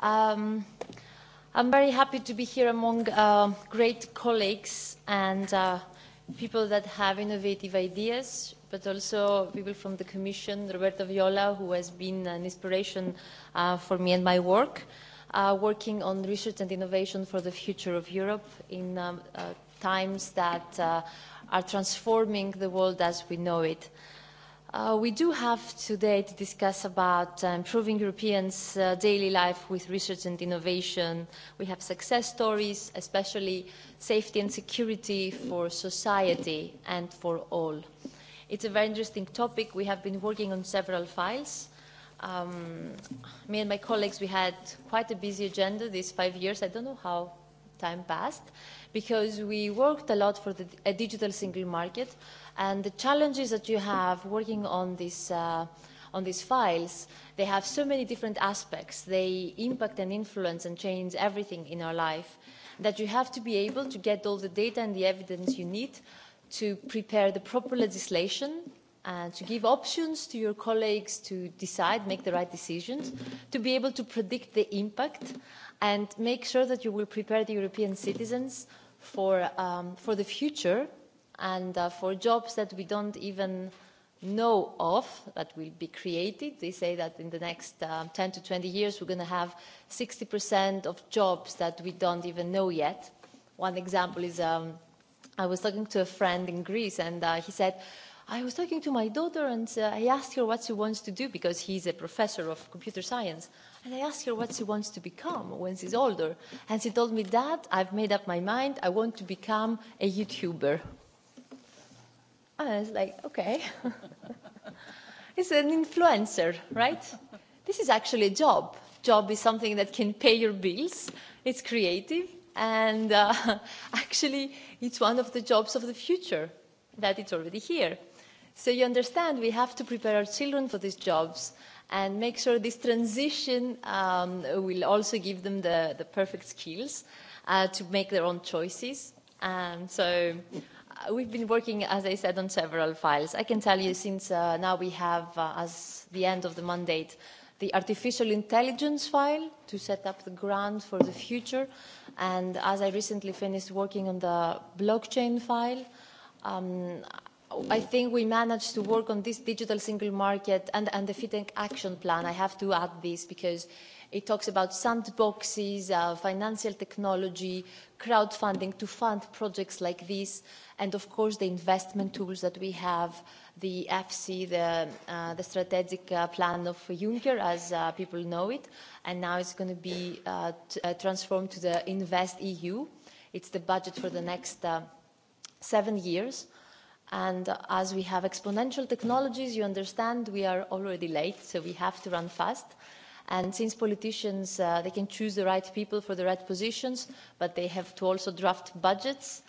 Um, I'm very happy to be here among uh, great colleagues and uh, people that have innovative ideas, but also people from the Commission, Roberto Viola, who has been an inspiration uh, for me and my work, uh, working on research and innovation for the future of Europe in um, uh, times that uh, are transforming the world as we know it. Uh, we do have today to discuss about uh, improving Europeans' uh, daily life with research and innovation. We have success stories, especially safety and security for society and for all. It's a very interesting topic. We have been working on several files. Um, me and my colleagues, we had quite a busy agenda these five years. I don't know how time passed because we worked a lot for the, a digital single market and the challenges that you have working on uh, on these files, they have so many different aspects. They impact and influence and change everything in our life that you have to be able to get all the data and the evidence you need to prepare the proper legislation and uh, to give options to your colleagues to decide, make the right decisions, to be able to predict the impact and make sure that you will prepare the European citizens for, um, for the future and uh, for jobs that we don't even know of that will be created. They say that in the next um, uh, 10 to 20 years, we're going to have 60% of jobs that we don't even know yet. One example is um, I was talking to a friend in Greece, and uh, he said, I was talking to my daughter, and uh, I asked her what she wants to do because he's a professor of computer science. And I asked her what she wants to become when she's older. And she told me, Dad, I've made up my mind. I want to become a YouTuber. And I was like, okay. it's an influencer, right? This is actually a job. Job is something that can pay your bills. It's creative. And uh, actually, it's one of the jobs of the future that it's already here. So you understand we have to prepare our children for these jobs and make sure this transition um, will also give them the, the perfect skills uh, to make their own choices. And so Uh, we've been working, as I said, on several files. I can tell you since uh, now we have, uh, as the end of the mandate, the artificial intelligence file to set up the ground for the future. And as I recently finished working on the blockchain file, um, I think we managed to work on this digital single market and, and the FinTech action plan. I have to add this because It talks about sandboxes, uh, financial technology, crowdfunding to fund projects like this, and of course the investment tools that we have, the FC, the, uh, the strategic uh, plan of Juncker, as uh, people know it, and now it's going to be uh, uh, transformed to the Invest EU. It's the budget for the next uh, seven years. And as we have exponential technologies, you understand we are already late, so we have to run fast and since politicians uh, they can choose the right people for the right positions but they have to also draft budgets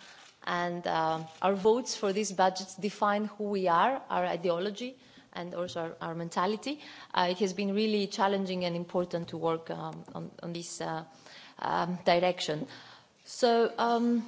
and uh, our votes for these budgets define who we are our ideology and also our, our mentality uh, it has been really challenging and important to work um, on, on this uh, um, direction so um,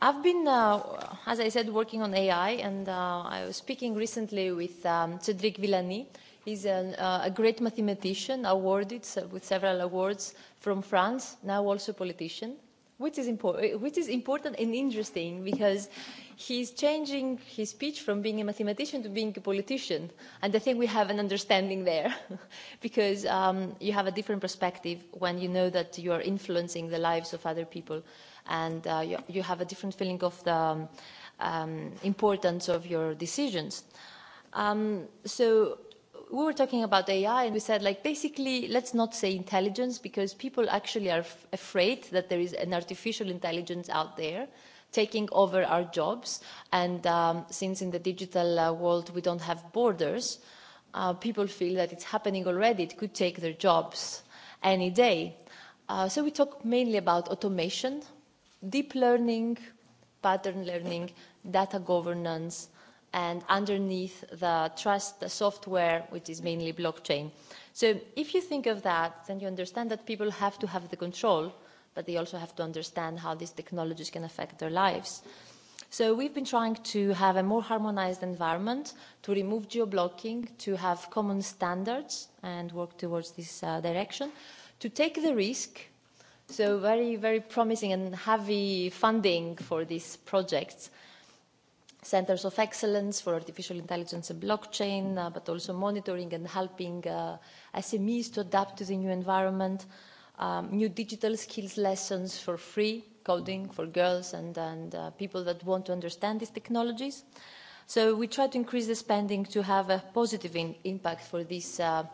I've been, uh, as I said, working on AI, and uh, I was speaking recently with um, Cedric Villani, He's an, uh, a great mathematician, awarded with several awards from France, now also politician, which is, impor- eh, which is important and interesting because he's changing his speech from being a mathematician to being a politician. And I think we have an understanding there because um, you have a different perspective when you know that you are influencing the lives of other people and uh, you, you have a different feeling of the um, um importance of your decisions. Um, so we were talking about AI and we said like basically let's not say intelligence because people actually are afraid that there is an artificial intelligence out there taking over our jobs and um, since in the digital uh, world we don't have borders uh, people feel that it's happening already it could take their jobs any day uh, so we talk mainly about automation deep learning pattern learning data governance and underneath the trust the software, which is mainly blockchain. So if you think of that, then you understand that people have to have the control, but they also have to understand how these technologies can affect their lives. So we've been trying to have a more harmonized environment, to remove geo-blocking, to have common standards and work towards this uh, direction, to take the risk so very, very promising and heavy funding for these projects centres of excellence for artificial intelligence and blockchain, uh, but also monitoring and helping uh, SMEs to adapt to the new environment, um, new digital skills lessons for free, coding for girls and, and uh, people that want to understand these technologies. So we try to increase the spending to have a positive in impact for this uh,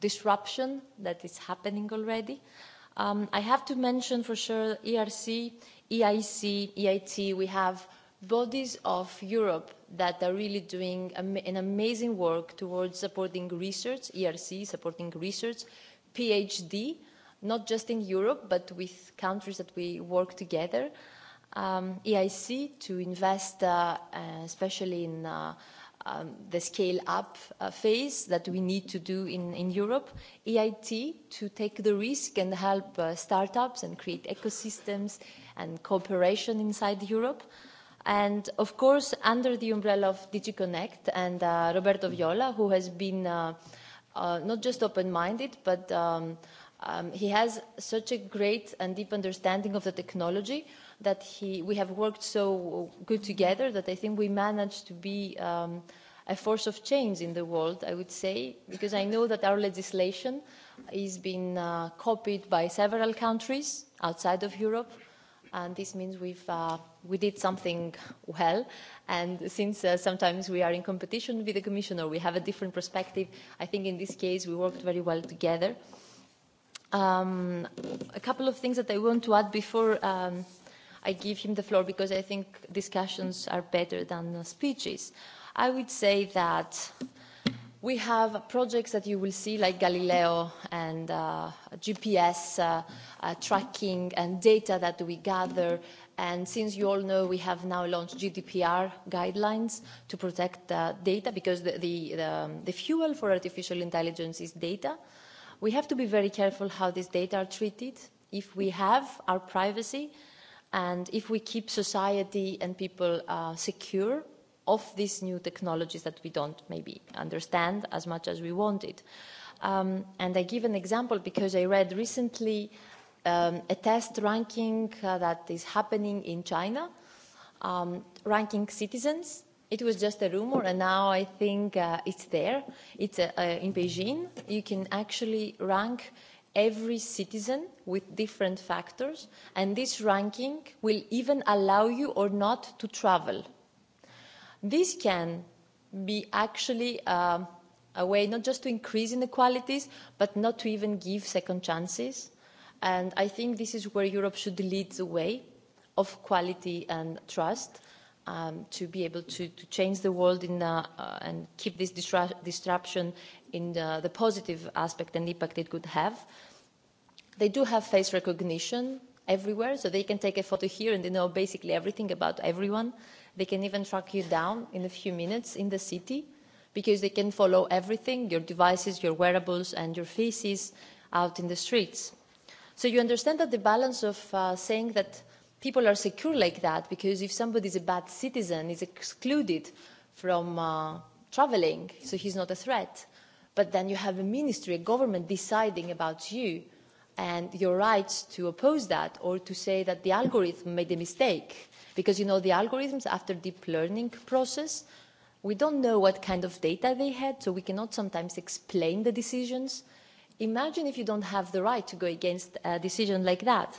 disruption that is happening already. Um, I have to mention for sure ERC, EIC, EIT, we have – bodies of europe that are really doing an amazing work towards supporting research erc supporting research phd not just in europe but with countries that we work together um, eic to invest uh, uh, especially in uh, um, the scale up uh, phase that we need to do in, in Europe, EIT to take the risk and help uh, startups and create ecosystems and cooperation inside Europe. And of course, under the umbrella of DigiConnect and uh, Roberto Viola, who has been uh, uh, not just open-minded, but um, um, he has such a great and deep understanding of the technology that he, we have worked so good together that I think we managed to be um, a force of change in the world, I would say, because I know that our legislation is being uh, copied by several countries outside of Europe and this means we've uh, we did something well and since uh, sometimes we are in competition with the commissioner we have a different perspective i think in this case we worked very well together um, a couple of things that i want to add before um, i give him the floor because i think discussions are better than uh, speeches i would say that uh, we have projects that you will see like Galileo and uh, GPS uh, uh, tracking and data that we gather. And since you all know, we have now launched GDPR guidelines to protect data because the, the, the, um, the fuel for artificial intelligence is data. We have to be very careful how these data are treated, if we have our privacy, and if we keep society and people uh, secure of these new technologies that we don't maybe understand as much as we wanted. Um, and I give an example because I read recently um, a test ranking uh, that is happening in China, um, ranking citizens. It was just a rumor, and now I think uh, it's there. It's uh, uh in Beijing. You can actually rank every citizen with different factors, and this ranking will even allow you or not to travel This can be actually uh, a way not just to increase inequalities, but not to even give second chances. And I think this is where Europe should lead the way of quality and trust um, to be able to, to change the world in, uh, uh, and keep this disru disruption in the, the positive aspect and impact it could have. They do have face recognition everywhere, so they can take a photo here and they know basically everything about everyone. They can even track you down in a few minutes in the city because they can follow everything, your devices, your wearables, and your faces out in the streets. So you understand that the balance of uh, saying that people are secure like that because if somebody is a bad citizen, is excluded from uh, traveling, so he's not a threat. But then you have a ministry, a government deciding about you and your rights to oppose that or to say that the algorithm made a mistake because you know the algorithms after deep learning process we don't know what kind of data they had so we cannot sometimes explain the decisions imagine if you don't have the right to go against a decision like that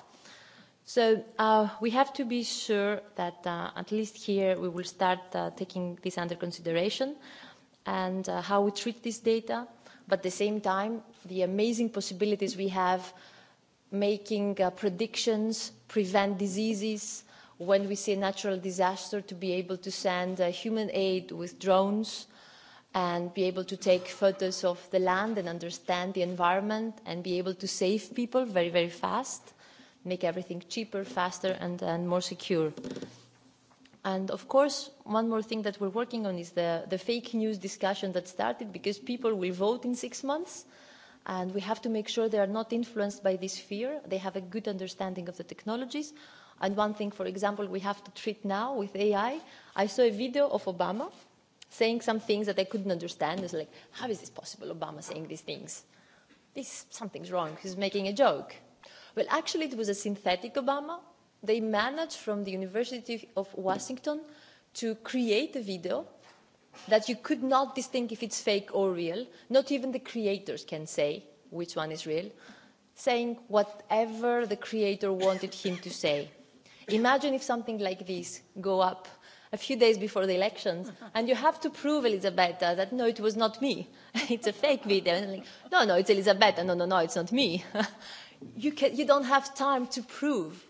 so uh, we have to be sure that uh, at least here we will start uh, taking this under consideration and uh, how we treat this data but at the same time the amazing possibilities we have making uh, predictions prevent diseases when we see a natural disaster to be able to send uh, human aid with drones and be able to take photos of the land and understand the environment and be able to save people very, very fast, make everything cheaper, faster and, and more secure. And of course, one more thing that we're working on is the, the fake news discussion that started because people will vote in six months and we have to make sure they are not influenced by this fear. They have a good understanding of the technologies and one thing for example we have to treat now with ai i saw a video of obama saying some things that i couldn't understand it's like how is this possible obama saying these things this something's wrong he's making a joke well actually it was a synthetic obama they managed from the university of washington to create a video that you could not distinguish if it's fake or real not even the creators can say which one is real saying whatever the creator wanted him to say imagine if something like this goes up a few days before the elections and you have to prove elisabetta that no it was not me it's a fake video and like, no no it's elisabetta no no no it's not me you can you don't have time to prove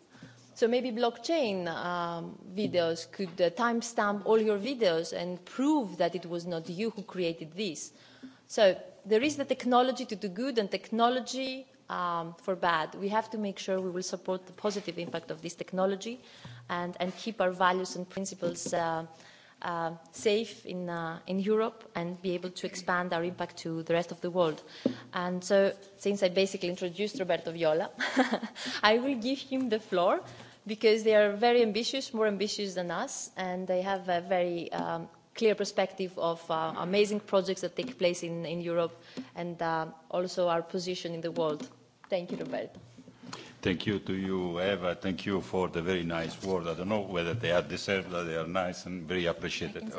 so maybe blockchain um, videos could uh, timestamp all your videos and prove that it was not you who created this so there is the technology to do good and technology um, for bad. We have to make sure we will support the positive impact of this technology and, and keep our values and principles uh, uh, safe in, uh, in Europe and be able to expand our impact to the rest of the world. And so since I basically introduced Roberto Viola, I will give him the floor because they are very ambitious, more ambitious than us, and they have a very um, clear perspective of uh, amazing projects that take place in, in Europe and uh, also our position in the world. Thank you, Roberto. Thank you to you, Eva. Thank you for the very nice words. I don't know whether they are deserved, but they are nice and very appreciated.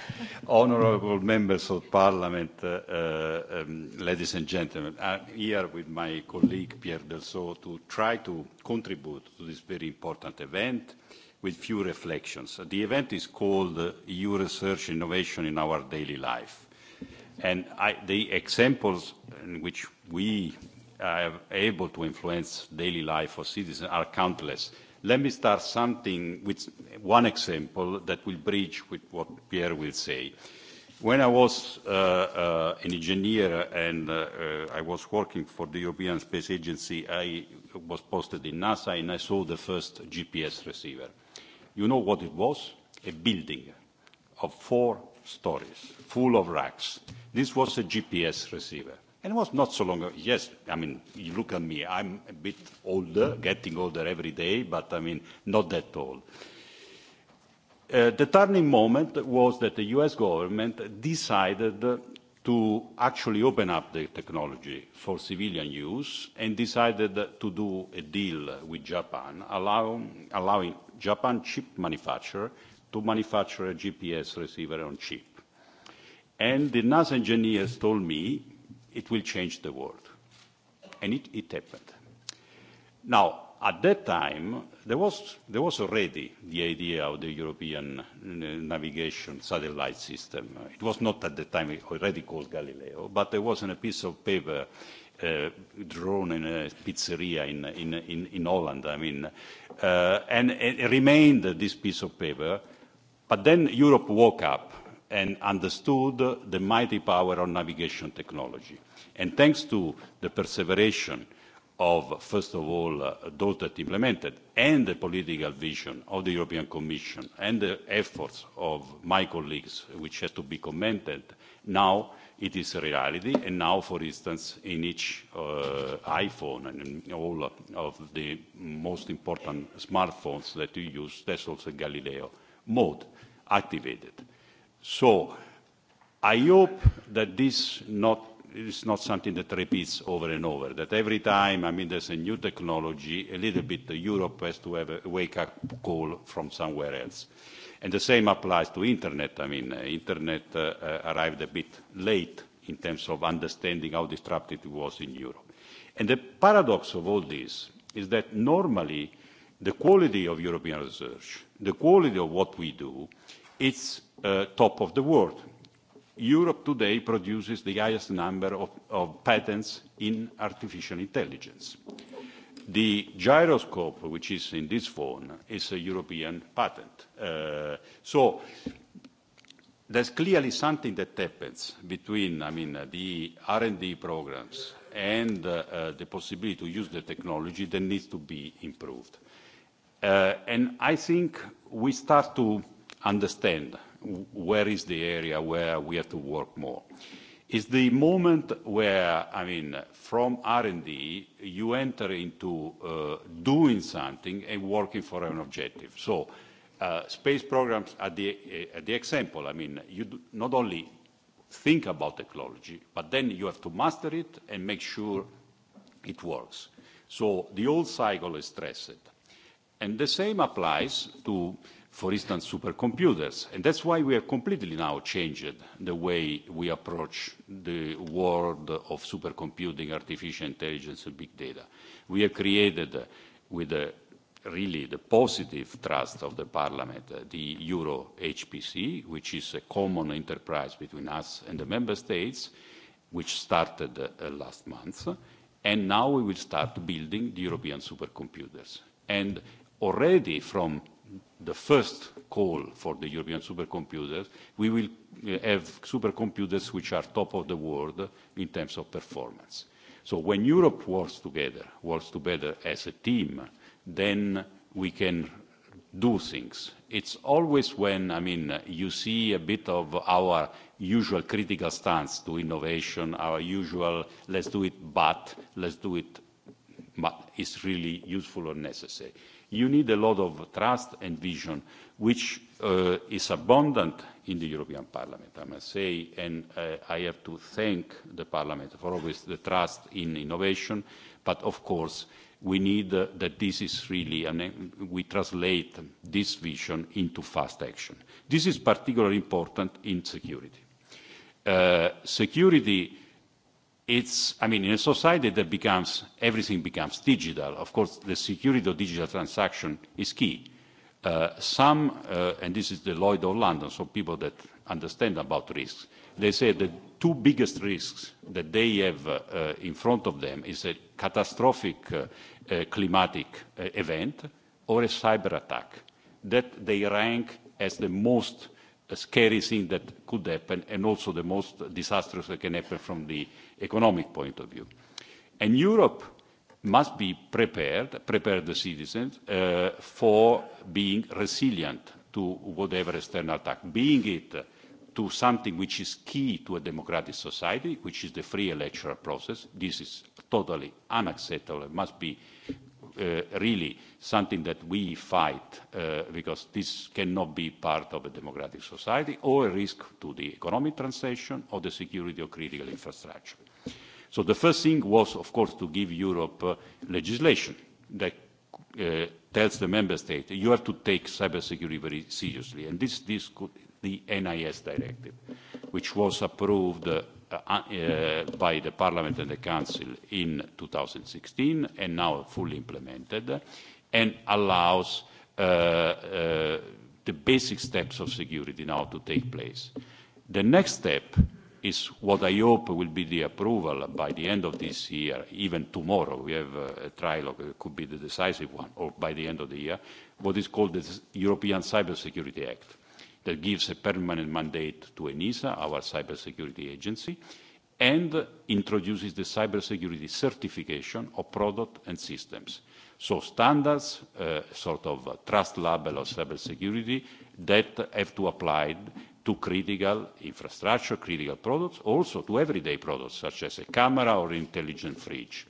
Honorable members of Parliament, uh, um, ladies and gentlemen, I'm here with my colleague Pierre Delceau to try to contribute to this very important event with few reflections. The event is called uh, EU Research Innovation in Our Daily Life. And I, the examples in which we are able to influence daily life of citizens are countless. Let me start something with one example that will bridge with what Pierre will say. When I was uh, uh, an engineer and uh, uh, I was working for the European Space Agency, I was posted in NASA and I saw the first GPS receiver. You know what it was? A building of four stories, full of racks. This was a GPS receiver And it was not so long ago. Yes, I mean, you look at me. I'm a bit older, mm. getting older every day, but I mean, not that old. Uh, the turning moment was that the US government decided to actually open up the technology for civilian use and decided to do a deal with Japan, allow, allowing Japan chip manufacturer to manufacture a GPS receiver on chip. And the NASA engineers told me it will change the world. And it, it happened. Now, at that time, there was, there was already the idea of the European uh, navigation satellite system. It was not at the time already called Galileo, but there was a piece of paper uh, drawn in a pizzeria in, in, in, in Holland, I mean, uh, and it remained this piece of paper. But then Europe woke up and understood the mighty power of navigation technology. And thanks to the perseveration of, first of all, uh, those that implemented and the political vision of the European Commission and the efforts of my colleagues, which has to be commented, now it is a reality. And now, for instance, in each uh, iPhone and in all of the most important smartphones that you use, there's also Galileo mode activated So I hope that this not, is not something that repeats over and over, that every time, I mean, there's a new technology, a little bit Europe has to have a wake-up call from somewhere else. And the same applies to internet. I mean, uh, internet uh, uh, arrived a bit late in terms of understanding how disruptive it was in Europe. And the paradox of all this is that normally the quality of European research, the quality of what we do, it's Uh, top of the world. Europe today produces the highest number of, of patents in artificial intelligence. The gyroscope, which is in this phone, is a European patent. Uh, so there's clearly something that happens between, I mean, uh, the R&D programs and uh, uh, the possibility to use the technology that needs to be improved. Uh, and I think we start to understand where is the area where we have to work more. It's the moment where, I mean, from R&D, you enter into uh, doing something and working for an objective. So uh, space programs are the, uh, the example. I mean, you do not only think about technology, but then you have to master it and make sure it works. So the whole cycle is stressed. And the same applies to uh, for instance, supercomputers. And that's why we have completely now changed the way we approach the world of supercomputing, artificial intelligence, and big data. We have created, with the, really the positive trust of the Parliament, the Euro HPC, which is a common enterprise between us and the Member States, which started uh, last month. And now we will start building the European supercomputers. And already from the first call for the European supercomputers, we will uh, have supercomputers which are top of the world in terms of performance. So when Europe works together, works together as a team, then we can do things. It's always when, I mean, you see a bit of our usual critical stance to innovation, our usual let's do it but, let's do it but it's really useful or necessary you need a lot of trust and vision, which uh, is abundant in the European Parliament, I must say, and uh, I have to thank the Parliament for always the trust in innovation, but of course we need uh, that this is really, I mean, we translate this vision into fast action. This is particularly important in security. Uh, security it's, I mean, in a society that becomes, everything becomes digital, of course, the security of digital transaction is key. Uh, some, uh, and this is the Lloyd of London, so people that understand about risks, they say the two biggest risks that they have uh, uh, in front of them is a catastrophic uh, uh, climatic uh, event or a cyber attack that they rank as the most scary thing that could happen and also the most disastrous that can happen from the uh, economic point of view. And Europe must be prepared, prepare the citizens uh, for being resilient to whatever external attack, being it to something which is key to a democratic society, which is the free electoral process. This is totally unacceptable. It must be uh, really something that we fight uh, because this cannot be part of a democratic society or a risk to the economic transition or the security of critical infrastructure. So the first thing was, of course, to give Europe uh, legislation that uh, tells the member state, you have to take cybersecurity very seriously. And this, this could, the NIS directive, which was approved uh, uh, uh, by the Parliament and the Council in 2016 and now fully implemented and allows uh, uh, the basic steps of security now to take place. The next step is what I hope will be the approval by the end of this year, even tomorrow, we have uh, a trilogue, it could be the decisive one, or by the end of the year, what is called the European Cybersecurity Act, that gives a permanent mandate to ENISA, our cybersecurity agency, and introduces the cybersecurity certification of product and systems. So standards, uh, sort of uh, trust label of cybersecurity, that have to apply to critical infrastructure, critical products, also to everyday products such as a camera or intelligent fridge.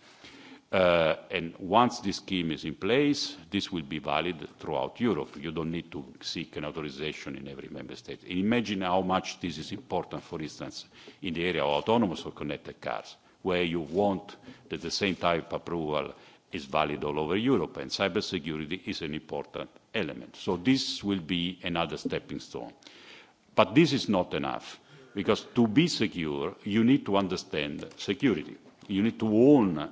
Uh, and once this scheme is in place, this will be valid throughout Europe. You don't need to seek an authorization in every member state. imagine how much this is important, for instance, in the area of autonomous or connected cars, where you want that the same type approval is valid all over Europe, and cybersecurity is an important element. So this will be another stepping stone. But this is not enough, because to be secure, you need to understand security. You need to own uh,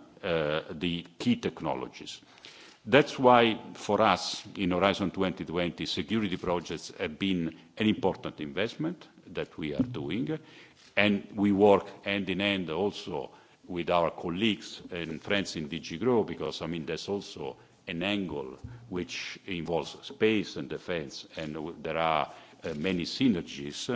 the key technologies. That's why, for us, in Horizon 2020, security projects have been an important investment that we are doing, and we work hand in hand also with our colleagues and friends in DG GROW, because, I mean, there's also an angle which involves space and defense, and there are Uh, many synergies,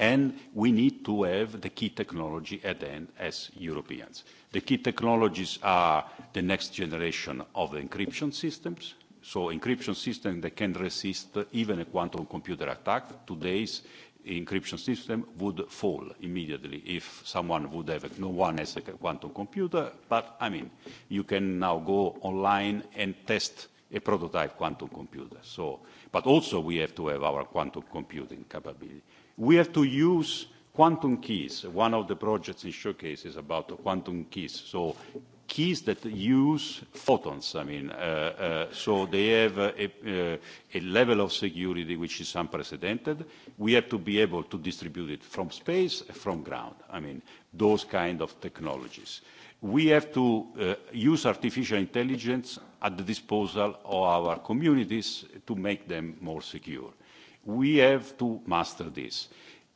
and we need to have the key technology at the end as Europeans. The key technologies are the next generation of encryption systems, so encryption system that can resist even a quantum computer attack. Today's encryption system would fall immediately if someone would have it. No one has a quantum computer, but I mean, you can now go online and test a prototype quantum computer. So But also we have to have our quantum computing capability. We have to use quantum keys. One of the projects in Showcase is about the quantum keys. So keys that use photons, I mean, uh, uh, so they have a, a, uh, a level of security which is unprecedented. We have to be able to distribute it from space, from ground. I mean, those kind of technologies. Uh, we have to uh, use artificial intelligence at the disposal of our communities to make them more secure. We have to master this.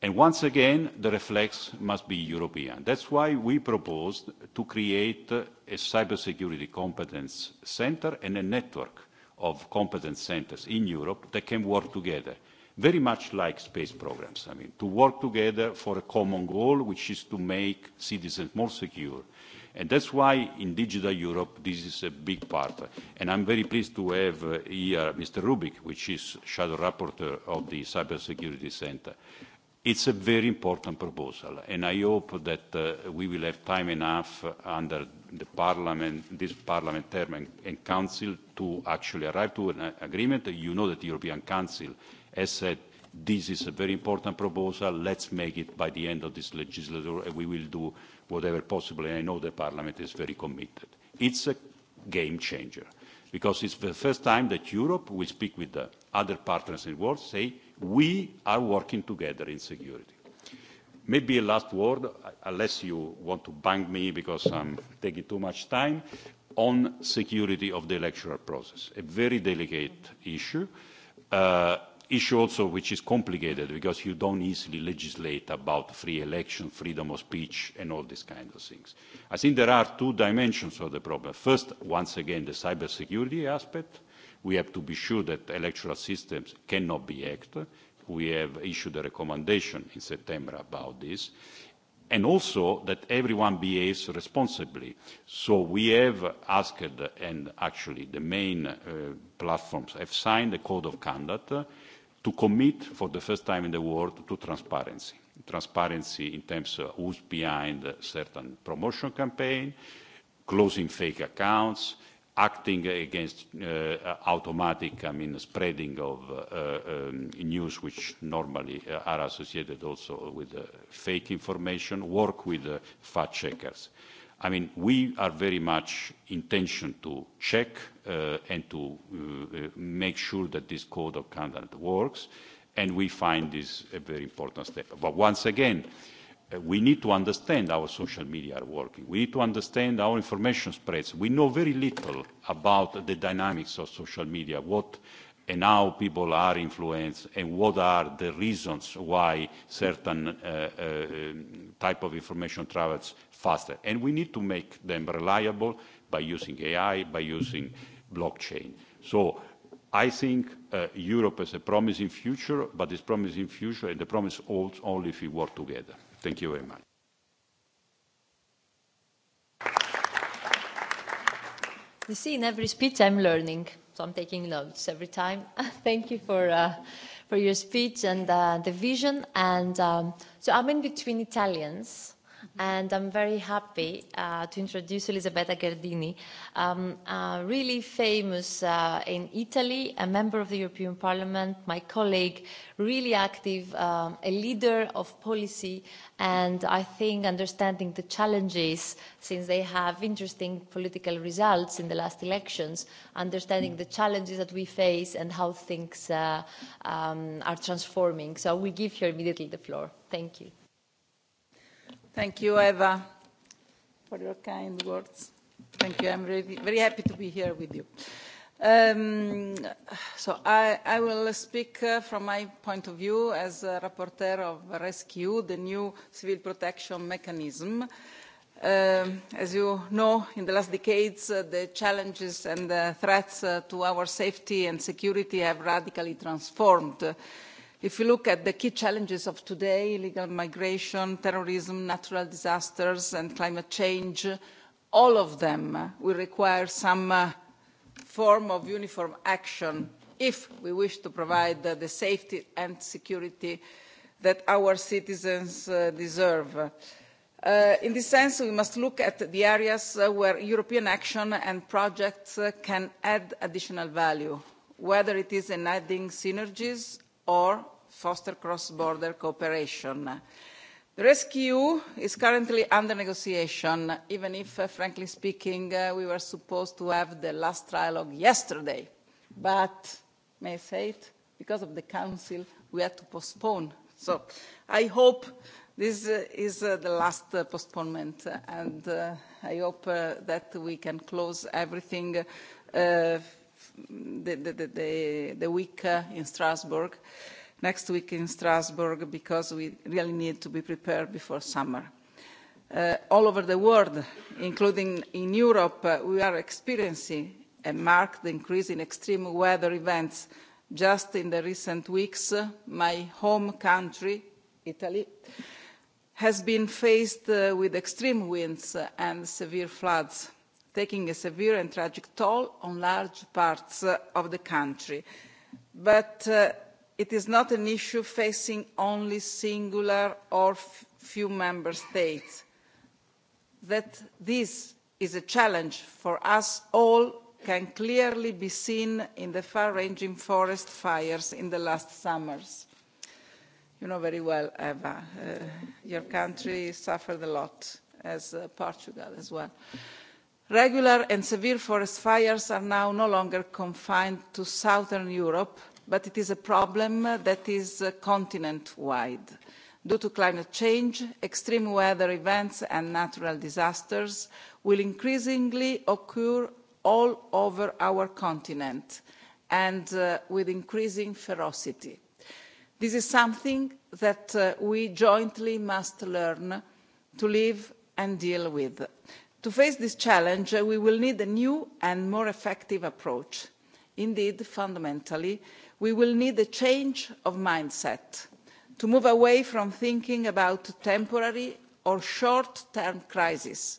And once again, the reflex must be European. That's why we proposed to create a cybersecurity competence center and a network of competence centers in Europe that can work together, very much like space programs. I mean, to work together for a common goal, which is to make citizens more secure And that's why in Digital Europe, this is a big part. And I'm very pleased to have uh, here Mr. Rubik, which is Shadow Rapporteur of the Cybersecurity Center. It's a very important proposal, and I hope that uh, we will have time enough under the parliament, this parliament term and, and council to actually arrive to an uh, agreement. You know that the European Council has said this is a very important proposal, let's make it by the end of this legislature, and we will do whatever possible, and I know the Parliament is very committed. It's a game changer because it's the first time that Europe will speak with the other partners in the world, say, we are working together in security. Maybe a last word, unless you want to bang me because I'm taking too much time, on security of the electoral process, a very delicate issue. Uh, issue also which is complicated because you don't easily legislate about free election, freedom of speech and all these kinds of things. I think there are two dimensions of the problem. First, once again, the cybersecurity aspect. We have to be sure that electoral systems cannot be hacked. We have issued a recommendation in September about this. And also that everyone behaves responsibly. So we have asked, and actually the main uh, platforms have signed a code of conduct to commit for the first time in the world to transparency. Transparency in terms of who's behind a certain promotion campaign, closing fake accounts, acting against uh, automatic, I mean, spreading of uh, um, news which normally uh, are associated also with uh, fake information, work with uh, fact checkers. I mean, we are very much intention to check uh, and to uh, uh, make sure that this code of conduct works. And we find this a very important step. But once again, uh, we need to understand how social media are working. We need to understand how information spreads. We know very little about the dynamics of social media, what and how people are influenced and what are the reasons why certain uh, uh, type of information travels faster. And we need to make them reliable by using AI, by using blockchain. So I think uh, Europe has a promising future, but this promising future and the promise holds only if we work together. Thank you very much. You see, in every speech I'm learning, so I'm taking notes every time. Thank you for, uh, for your speech and uh, the vision. And um, so I'm in between Italians and I'm very happy uh, to introduce Elisabetta Gardini, um, uh, really famous uh, in Italy, a member of the European Parliament, my colleague, really active, um, a leader of policy, and I think understanding the challenges, since they have interesting political results in the last elections, understanding mm. the challenges that we face and how things uh, um, are transforming. So I will give her immediately the floor. Thank you. Thank you, Eva, for your kind words. Thank you. I'm really, very happy to be here with you. Um, so I, I will speak uh, from my point of view as a rapporteur of Rescue, the new civil protection mechanism. Um, as you know, in the last decades, uh, the challenges and the threats uh, to our safety and security have radically transformed if you look at the key challenges of today illegal migration terrorism natural disasters and climate change all of them will require some uh, form of uniform action if we wish to provide the safety and security that our citizens uh, deserve. Uh, in this sense we must look at the areas where european action and projects can add additional value whether it is in adding synergies or foster cross border cooperation. the resceu is currently under negotiation even if uh, frankly speaking uh, we were supposed to have the last trilogue yesterday but may i say it because of the council we had to postpone so i hope this uh, is uh, the last uh, postponement uh, and uh, i hope uh, that we can close everything the, the, the, the week in strasbourg next week in Strasbourg because we really need to be prepared before summer. Uh, all over the world, including in Europe, uh, we are experiencing a marked increase in extreme weather events. Just in the recent weeks, my home country, Italy, has been faced uh, with extreme winds and severe floods, taking a severe and tragic toll on large parts of the country. But it is not an issue facing only singular or few member states that this is a challenge for us all can clearly be seen in the far ranging forest fires in the last summers. you know very well eva uh, your country suffered a lot as uh, portugal as well. regular and severe forest fires are now no longer confined to southern europe but it is a problem that is uh, continent wide. due to climate change extreme weather events and natural disasters will increasingly occur all over our continent and uh, with increasing ferocity. this is something that uh, we jointly must learn to live and deal with. to face this challenge we will need a new and more effective approach. indeed fundamentally we will need a change of mindset to move away from thinking about temporary or short term crises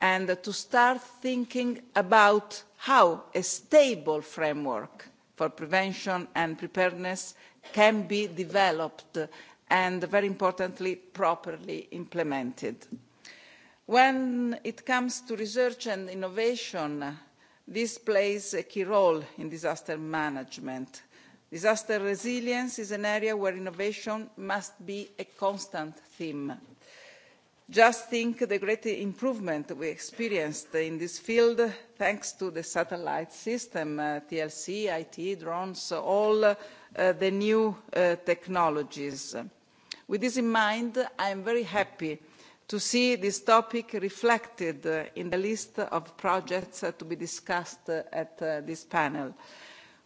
and to start thinking about how a stable framework for prevention and preparedness can be developed and very importantly properly implemented. when it comes to research and innovation this plays a key role in disaster management disaster resilience is an area where innovation must be a constant theme. just think of the great improvement we experienced in this field thanks to the satellite system uh, tlc it drones all uh, the new uh, technologies. with this in mind i am very happy to see this topic reflected in the list of projects to be discussed at this panel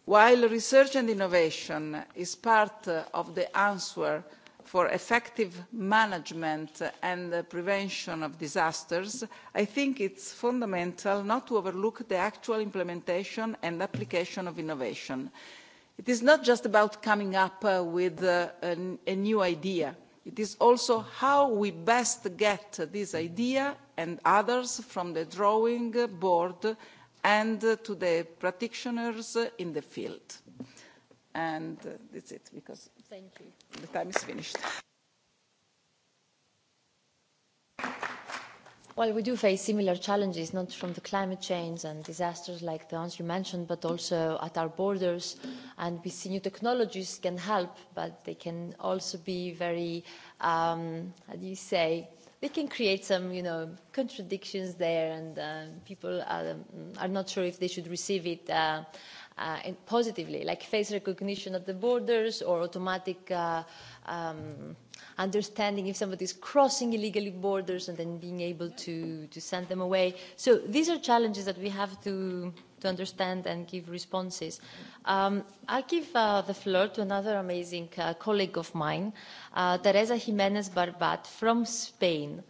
while research and innovation is part of the answer for effective management and the prevention of disasters i think it is fundamental not to overlook the actual implementation and application of innovation. it is not just about coming up with a, a new idea it is also how we best get this idea and others from the drawing board and uh, to the practitioners in the field. And uh, that's it, because Thank you. the time is finished. Well, we do face similar challenges, not from the climate change and disasters like the ones you mentioned, but also at our borders. And we see new technologies can help, but they can also be very, um, how do you say, they can create some, you know, contradictions there, and uh, people are, um, are not sure if they should receive it uh, uh, positively, like face recognition at the borders or automatic uh, um, understanding if somebody is crossing illegally borders and then being able to, to send them away. So these are challenges that we have to to understand and give responses. Um, I'll give uh, the floor to another amazing uh, colleague of mine, uh, Teresa Jimenez Barbat from Spain.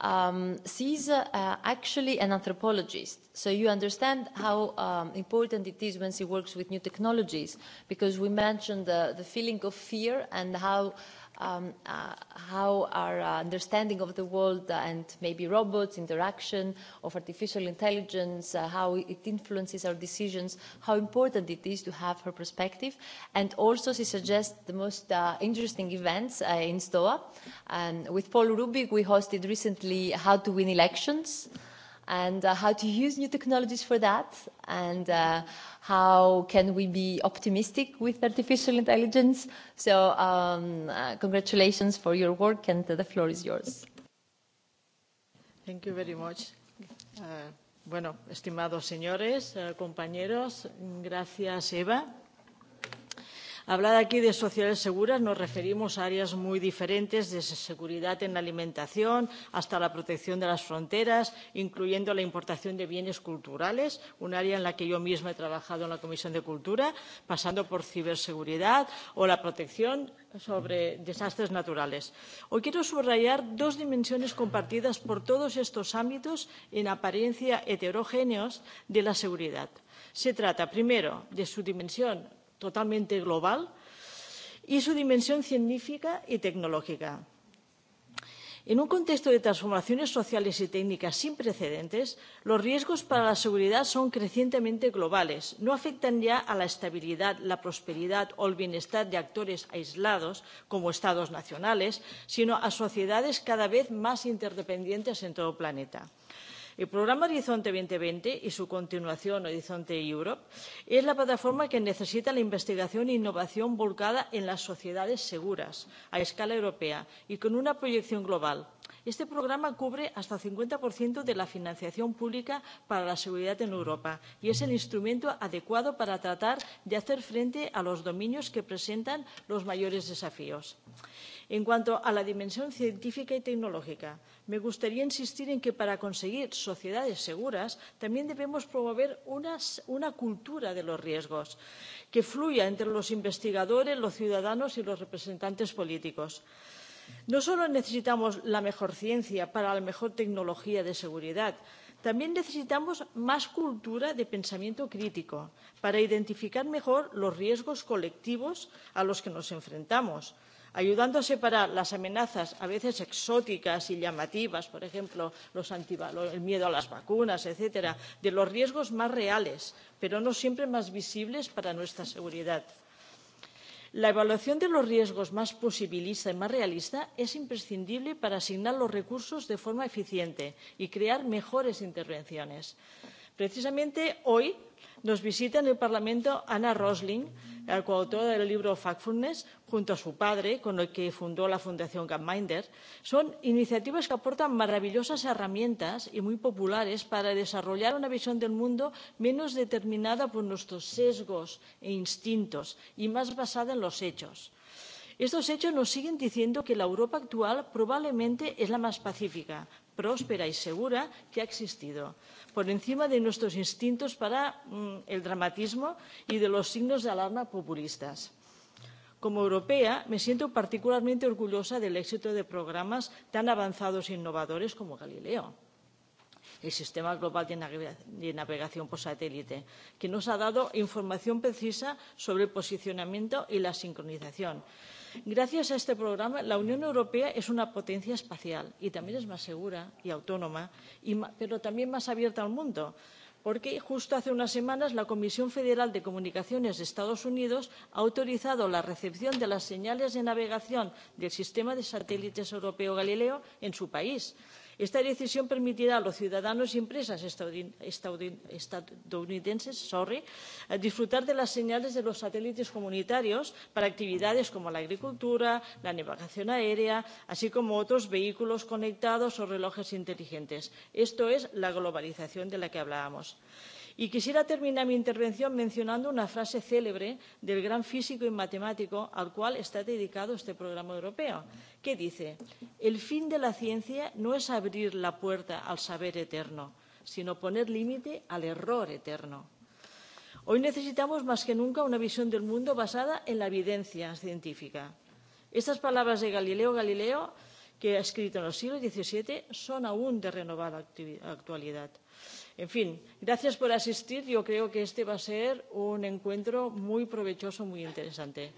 Um, she's uh, actually an anthropologist, so you understand how um, important it is when she works with new technologies, because we mentioned uh, the feeling of fear and how um, uh, how our uh, understanding of the world uh, and maybe robots, interaction of artificial intelligence, uh, how it influences our decisions, how important it is to have her perspective. And also she suggests the most uh, interesting events uh, in STOA. Um, with Paul Rubik, we hosted recently How to Win Elections. Uh, and uh, how to use new technologies for that and uh, how can we be optimistic with artificial intelligence. So um, uh, congratulations for your work and the floor is yours. Thank you very much. Uh, bueno, estimados señores, uh, compañeros, gracias Eva hablar aquí de sociedades seguras nos referimos a áreas muy diferentes desde seguridad en la alimentación hasta la protección de las fronteras incluyendo la importación de bienes culturales un área en la que yo misma he trabajado en la comisión de cultura pasando por ciberseguridad o la protección sobre desastres naturales. hoy quiero subrayar dos dimensiones compartidas por todos estos ámbitos en apariencia heterogéneos de la seguridad. se trata primero de su dimensión totalmente global y su dimensión científica y tecnológica. En un contexto de transformaciones sociales y técnicas sin precedentes, los riesgos para la seguridad son crecientemente globales. No afectan ya a la estabilidad, la prosperidad o el bienestar de actores aislados como estados nacionales, sino a sociedades cada vez más interdependientes en todo el planeta. El programa Horizonte 2020 y su continuación Horizonte Europe es la plataforma que necesita la investigación e innovación volcada en las sociedades seguras a escala europea y con una proyección global. Este programa cubre hasta el 50% de la financiación pública para la seguridad en Europa y es el instrumento adecuado para tratar de hacer frente a los dominios que presentan los mayores desafíos. En cuanto a la dimensión científica y tecnológica, me gustaría insistir en que para conseguir sociedades seguras también debemos promover unas, una cultura de los riesgos que fluya entre los investigadores, los ciudadanos y los representantes políticos. No solo necesitamos la mejor ciencia para la mejor tecnología de seguridad, También necesitamos más cultura de pensamiento crítico para identificar mejor los riesgos colectivos a los que nos enfrentamos ayudando a separar las amenazas a veces exóticas y llamativas por ejemplo los el miedo a las vacunas etcétera de los riesgos más reales pero no siempre más visibles para nuestra seguridad. La evaluación de los riesgos más posibilista y más realista es imprescindible para asignar los recursos de forma eficiente y crear mejores intervenciones. Precisamente hoy nos visita en el parlamento anna rosling la coautora del libro factfulness junto a su padre con el que fundó la fundación gapminder. son iniciativas que aportan maravillosas herramientas y muy populares para desarrollar una visión del mundo menos determinada por nuestros sesgos e instintos y más basada en los hechos. estos hechos nos siguen diciendo que la europa actual probablemente es la más pacífica próspera y segura que ha existido por encima de nuestros instintos para mm, el dramatismo y de los signos de alarma populistas. Como europea, me siento particularmente orgullosa del éxito de programas tan avanzados e innovadores como Galileo, el Sistema Global de, de Navegación por Satélite, que nos ha dado información precisa sobre el posicionamiento y la sincronización. Y gracias a este programa la unión europea es una potencia espacial y también es más segura y autónoma y pero también más abierta al mundo porque justo hace unas semanas la comisión federal de comunicaciones de los estados unidos ha autorizado la recepción de las señales de navegación del sistema de satélites europeo galileo en su país lo Esta decisión permitirá a los ciudadanos y empresas estadounidenses sorry, eh, disfrutar de las señales de los satélites comunitarios para actividades como la agricultura, la navegación aérea, así como otros vehículos conectados o relojes inteligentes. Esto es la globalización de la que hablábamos. Eh, y quisiera terminar mi intervención mencionando una frase célebre del gran físico y matemático al cual está dedicado este programa europeo que dice el fin de la ciencia no es abrir la puerta al saber eterno sino poner límite al error eterno. Hoy necesitamos más que nunca una visión del mundo basada en la evidencia científica. Estas palabras de Galileo Galileo, que ha escrito en el siglo XVII, son aún de renovada actualidad. En fin, gracias por asistir. Yo creo que este va a ser un encuentro muy provechoso, muy interesante.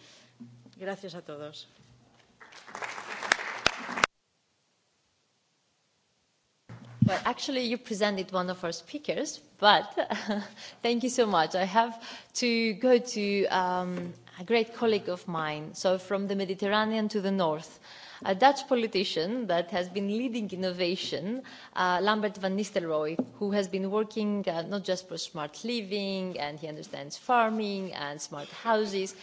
Gracias a todos. Well, actually, you presented one of our speakers, but thank you so much. I have to go to um, a great colleague of mine, so from the Mediterranean to the north a Dutch politician that has been leading innovation, uh, Lambert van Nistelrooy, who has been working uh, not just for smart living and he understands farming and smart houses,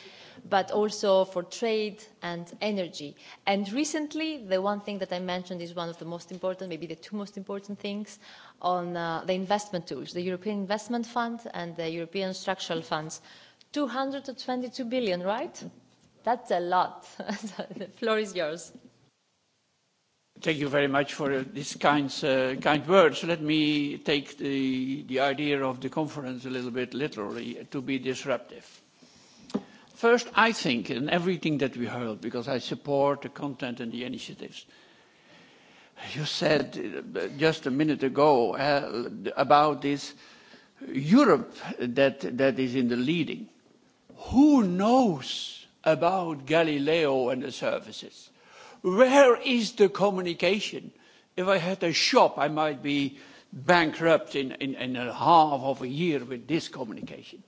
but also for trade and energy. And recently, the one thing that I mentioned is one of the most important, maybe the two most important things, on uh, the investment tools, the European Investment Fund and the European Structural Funds. 222 billion, right? That's a lot. the floor is yours. Thank you very much for these kind, uh, kind words. Let me take the, the idea of the conference a little bit literally, to be disruptive. First, I think, in everything that we heard, because I support the content and the initiatives, you said uh, just a minute ago uh, about this Europe that, that is in the leading. Who knows about Galileo and the services. Where is the communication? If I had a shop, I might be bankrupt in, in, in a half of a year with this communication.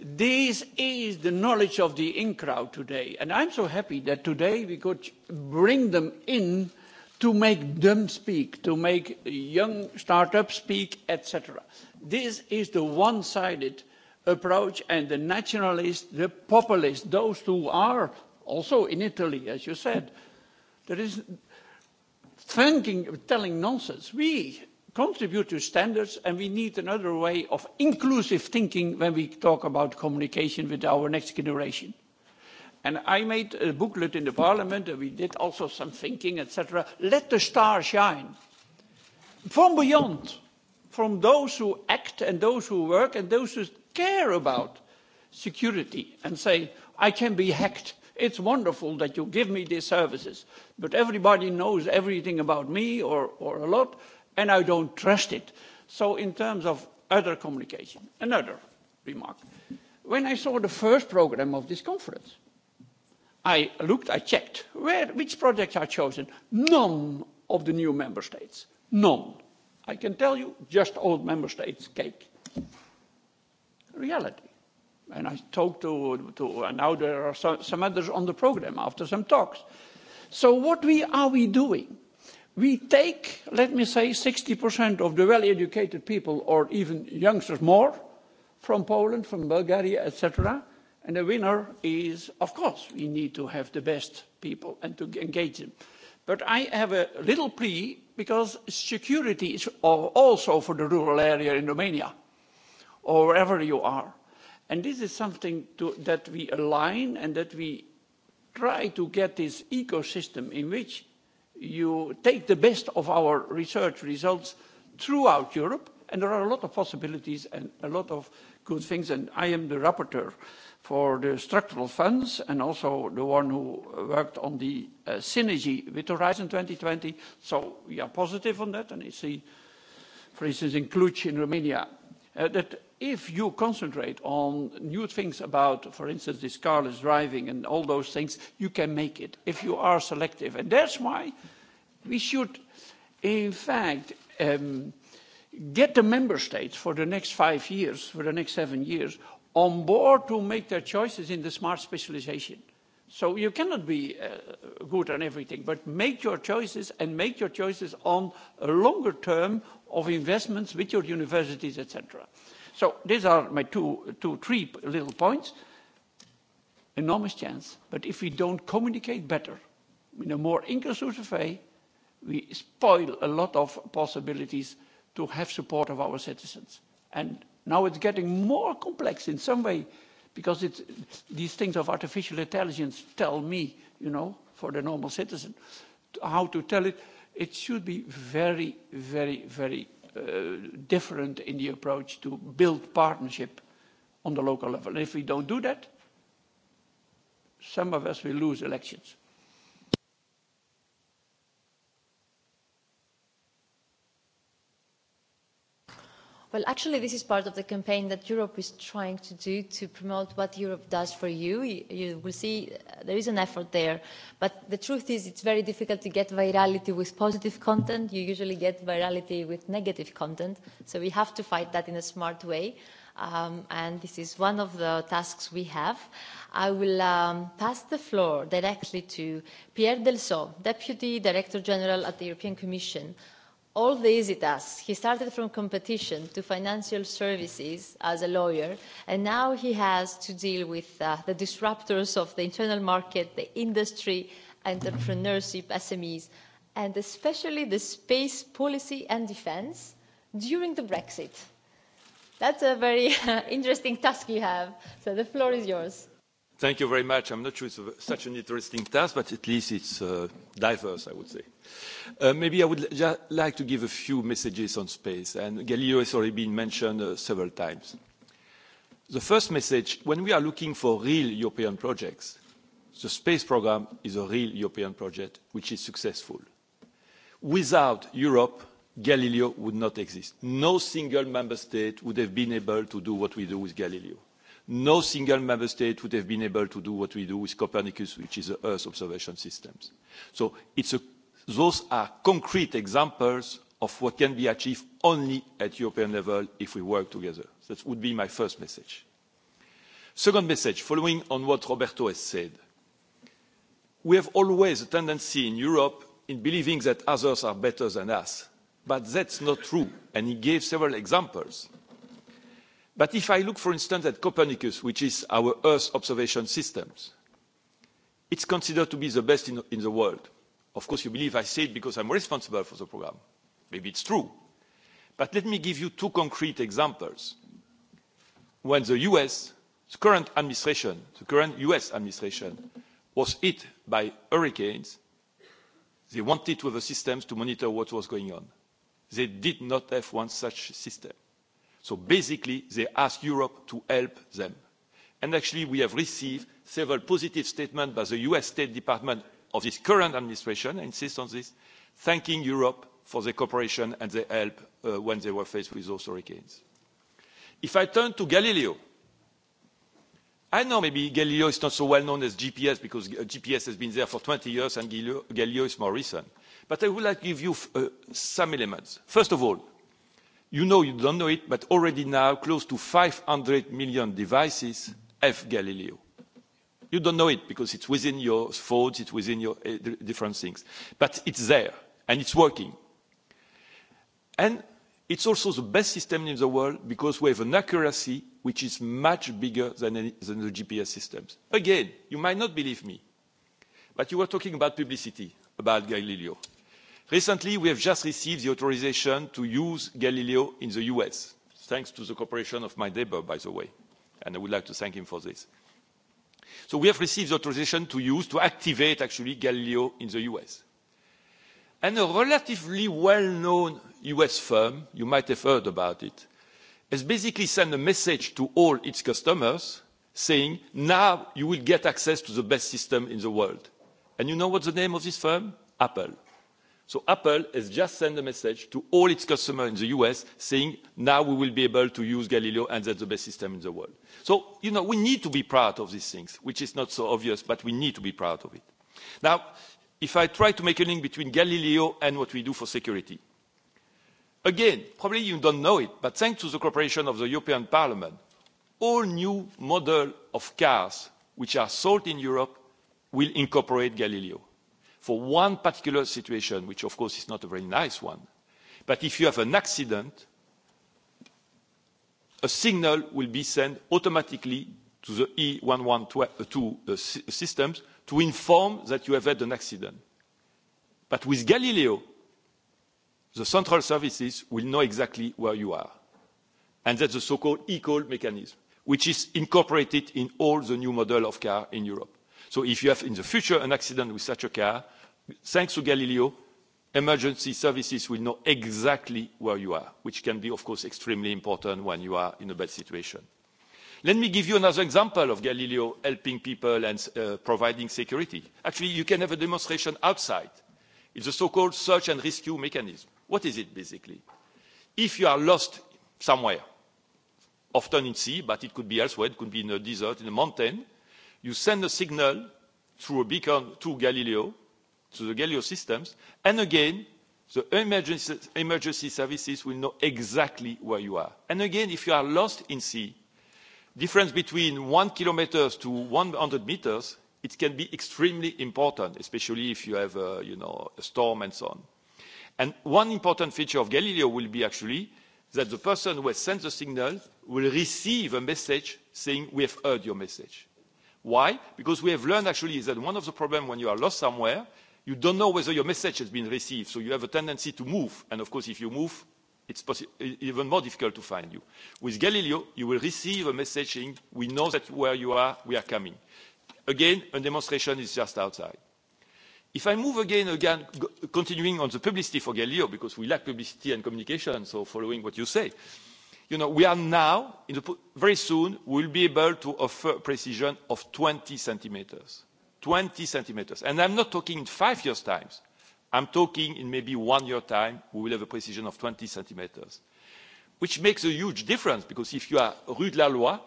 This is the knowledge of the in-crowd today. And I'm so happy that today we could bring them in to make them speak, to make young startups speak, etc. This is the one-sided approach and the nationalists, the populists, those who are also in Italy, as you said, there is thinking, telling nonsense. We contribute to standards and we need another way of inclusive thinking when we talk about communication with our next generation. And I made a booklet in the parliament and we did also some thinking, etc. Let the star shine from beyond from those who act and those who work and those who care about security and say, I can be hacked. It's wonderful that you give me these services, but everybody knows everything about me or, or a lot, and I don't trust it. So in terms of other communication, another remark. When I saw the first program of this conference, I looked, I checked, where, which projects are chosen? None of the new member states. None I can tell you, just all member states cake. Reality. And I talked to, to and now there are some, some others on the program after some talks. So what we are we doing? We take, let me say, 60% of the well-educated people, or even youngsters more, from Poland, from Bulgaria, etc. And the winner is, of course, we need to have the best people and to engage them. But I have a little plea because security is also for the rural area in Romania or wherever you are. And this is something to, that we align and that we try to get this ecosystem in which you take the best of our research results throughout Europe. And there are a lot of possibilities and a lot of good things. And I am the rapporteur for the structural funds and also the one who worked on the uh, synergy with Horizon 2020. So we are positive on that, and you see, for instance, in Cluj in Romania, uh, that if you concentrate on new things about, for instance, this carless driving and all those things, you can make it if you are selective. And that's why we should, in fact, um, get the member states for the next five years, for the next seven years, on board to make their choices in the smart specialization. So you cannot be uh, good on everything, but make your choices and make your choices on a longer term of investments with your universities, etc. So these are my two, two, three little points. Enormous chance, but if we don't communicate better, in a more inclusive way, we spoil a lot of possibilities to have support of our citizens. And Now it's getting more complex in some way because it's, these things of artificial intelligence tell me, you know, for the normal citizen, how to tell it. It should be very, very, very uh, different in the approach to build partnership on the local level. And if we don't do that, some of us will lose elections. Well, actually, this is part of the campaign that Europe is trying to do to promote what Europe does for you. You, will see uh, there is an effort there. But the truth is it's very difficult to get virality with positive content. You usually get virality with negative content. So we have to fight that in a smart way. Um, and this is one of the tasks we have. I will um, pass the floor directly to Pierre Delsot, Deputy Director General at the European Commission all these easy does. He started from competition to financial services as a lawyer, and now he has to deal with uh, the disruptors of the internal market, the industry, entrepreneurship, SMEs, and especially the space policy and defence during the Brexit. That's a very interesting task you have. So the floor is yours. Thank you very much. I'm not sure it's such an interesting task, but at least it's uh, diverse, I would say. Uh, maybe I would just like to give a few messages on space, and Galileo has already been mentioned uh, several times. The first message, when we are looking for real European projects, the space program is a real European project which is successful. Without Europe, Galileo would not exist. No single member state would have been able to do what we do with Galileo no single member state would have been able to do what we do with Copernicus, which is the Earth observation systems. So it's a, those are concrete examples of what can be achieved only at European level if we work together. That would be my first message. Second message, following on what Roberto has said. We have always a tendency in Europe in believing that others are better than us, but that's not true, and he gave several examples. But if I look, for instance, at Copernicus, which is our Earth observation system, it's considered to be the best in, the world. Of course, you believe I say it because I'm responsible for the programme Maybe it's true. But let me give you two concrete examples. When the US, the current administration, the current US administration, was hit by hurricanes, they wanted to have a system to monitor what was going on. They did not have one such system so basically they ask europe to help them and actually we have received several positive statements by the us state department of this current administration i insist on this thanking europe for their cooperation and their help uh, when they were faced with those hurricanes. if i turn to galileo i know maybe galileo is not so well known as gps because uh, gps has been there for 20 years and galileo is more recent but i would like to give you uh, some elements. first of all you know you don't know it but already now close to five hundred million devices have galileo. you don't know it because it's within your phones it's within your eh, different things but it's there and it's working and it's also the best system in the world because we have an accuracy which is much bigger than, than the gps systems again you might not believe me but you were talking about publicity about galileo recently we have just received the authorisation to use galileo in the us thanks to the cooperation of my neighbour by the way and i would like to thank him for this. so we have received authorisation to use to activate actually galileo in the us and a relatively well known us firm you might have heard about it has basically sent a message to all its customers saying now you will get access to the best system in the world and you know what the name of this firm apple so apple has just sent a message to all its customers in the us saying now we will be able to use galileo and that's the best system in the world. so you know we need to be proud of these things which is not so obvious but we need to be proud of it. now if i try to make a link between galileo and what we do for security again probably you don't know it but thanks to the cooperation of the european parliament all new models of cars which are sold in europe will incorporate galileo for one particular situation, which of course is not a very nice one, but if you have an accident, a signal will be sent automatically to the E112 uh, uh, uh, systems to inform that you have had an accident. But with Galileo, the central services will know exactly where you are. And that's the so-called e-call mechanism, which is incorporated in all the new model of car in Europe. So if you have in the future an accident with such a car, thanks to Galileo, emergency services will know exactly where you are, which can be, of course, extremely important when you are in a bad situation. Let me give you another example of Galileo helping people and uh, providing security. Actually, you can have a demonstration outside. It's a so-called search and rescue mechanism. What is it, basically? If you are lost somewhere, often in sea, but it could be elsewhere, it could be in a desert, in a mountain, you send a signal through a beacon to Galileo, to the galileo systems and again the emergency, services will know exactly where you are. and again if you are lost in sea difference between one kilometre to one hundred metres it can be extremely important especially if you have a, you know, a storm and so on. and one important feature of galileo will be actually that the person who has sent the signal will receive a message saying we have heard your message. why? because we have learned actually that one of the problems when you are lost somewhere you don't know whether your message has been received so you have a tendency to move and of course if you move it's even more difficult to find you. with galileo you will receive a message saying we know that where you are we are coming. again a demonstration is just outside. if i move again again continuing on the publicity for galileo because we lack publicity and communication so following what you say you know we are now in the, very soon we'll will be able to offer precision of 20 centimeters 20 centimetres And I'm not talking in five years' time. I'm talking in maybe one year time, we will have a precision of 20 centimetres which makes a huge difference because if you are Rue de la Loi,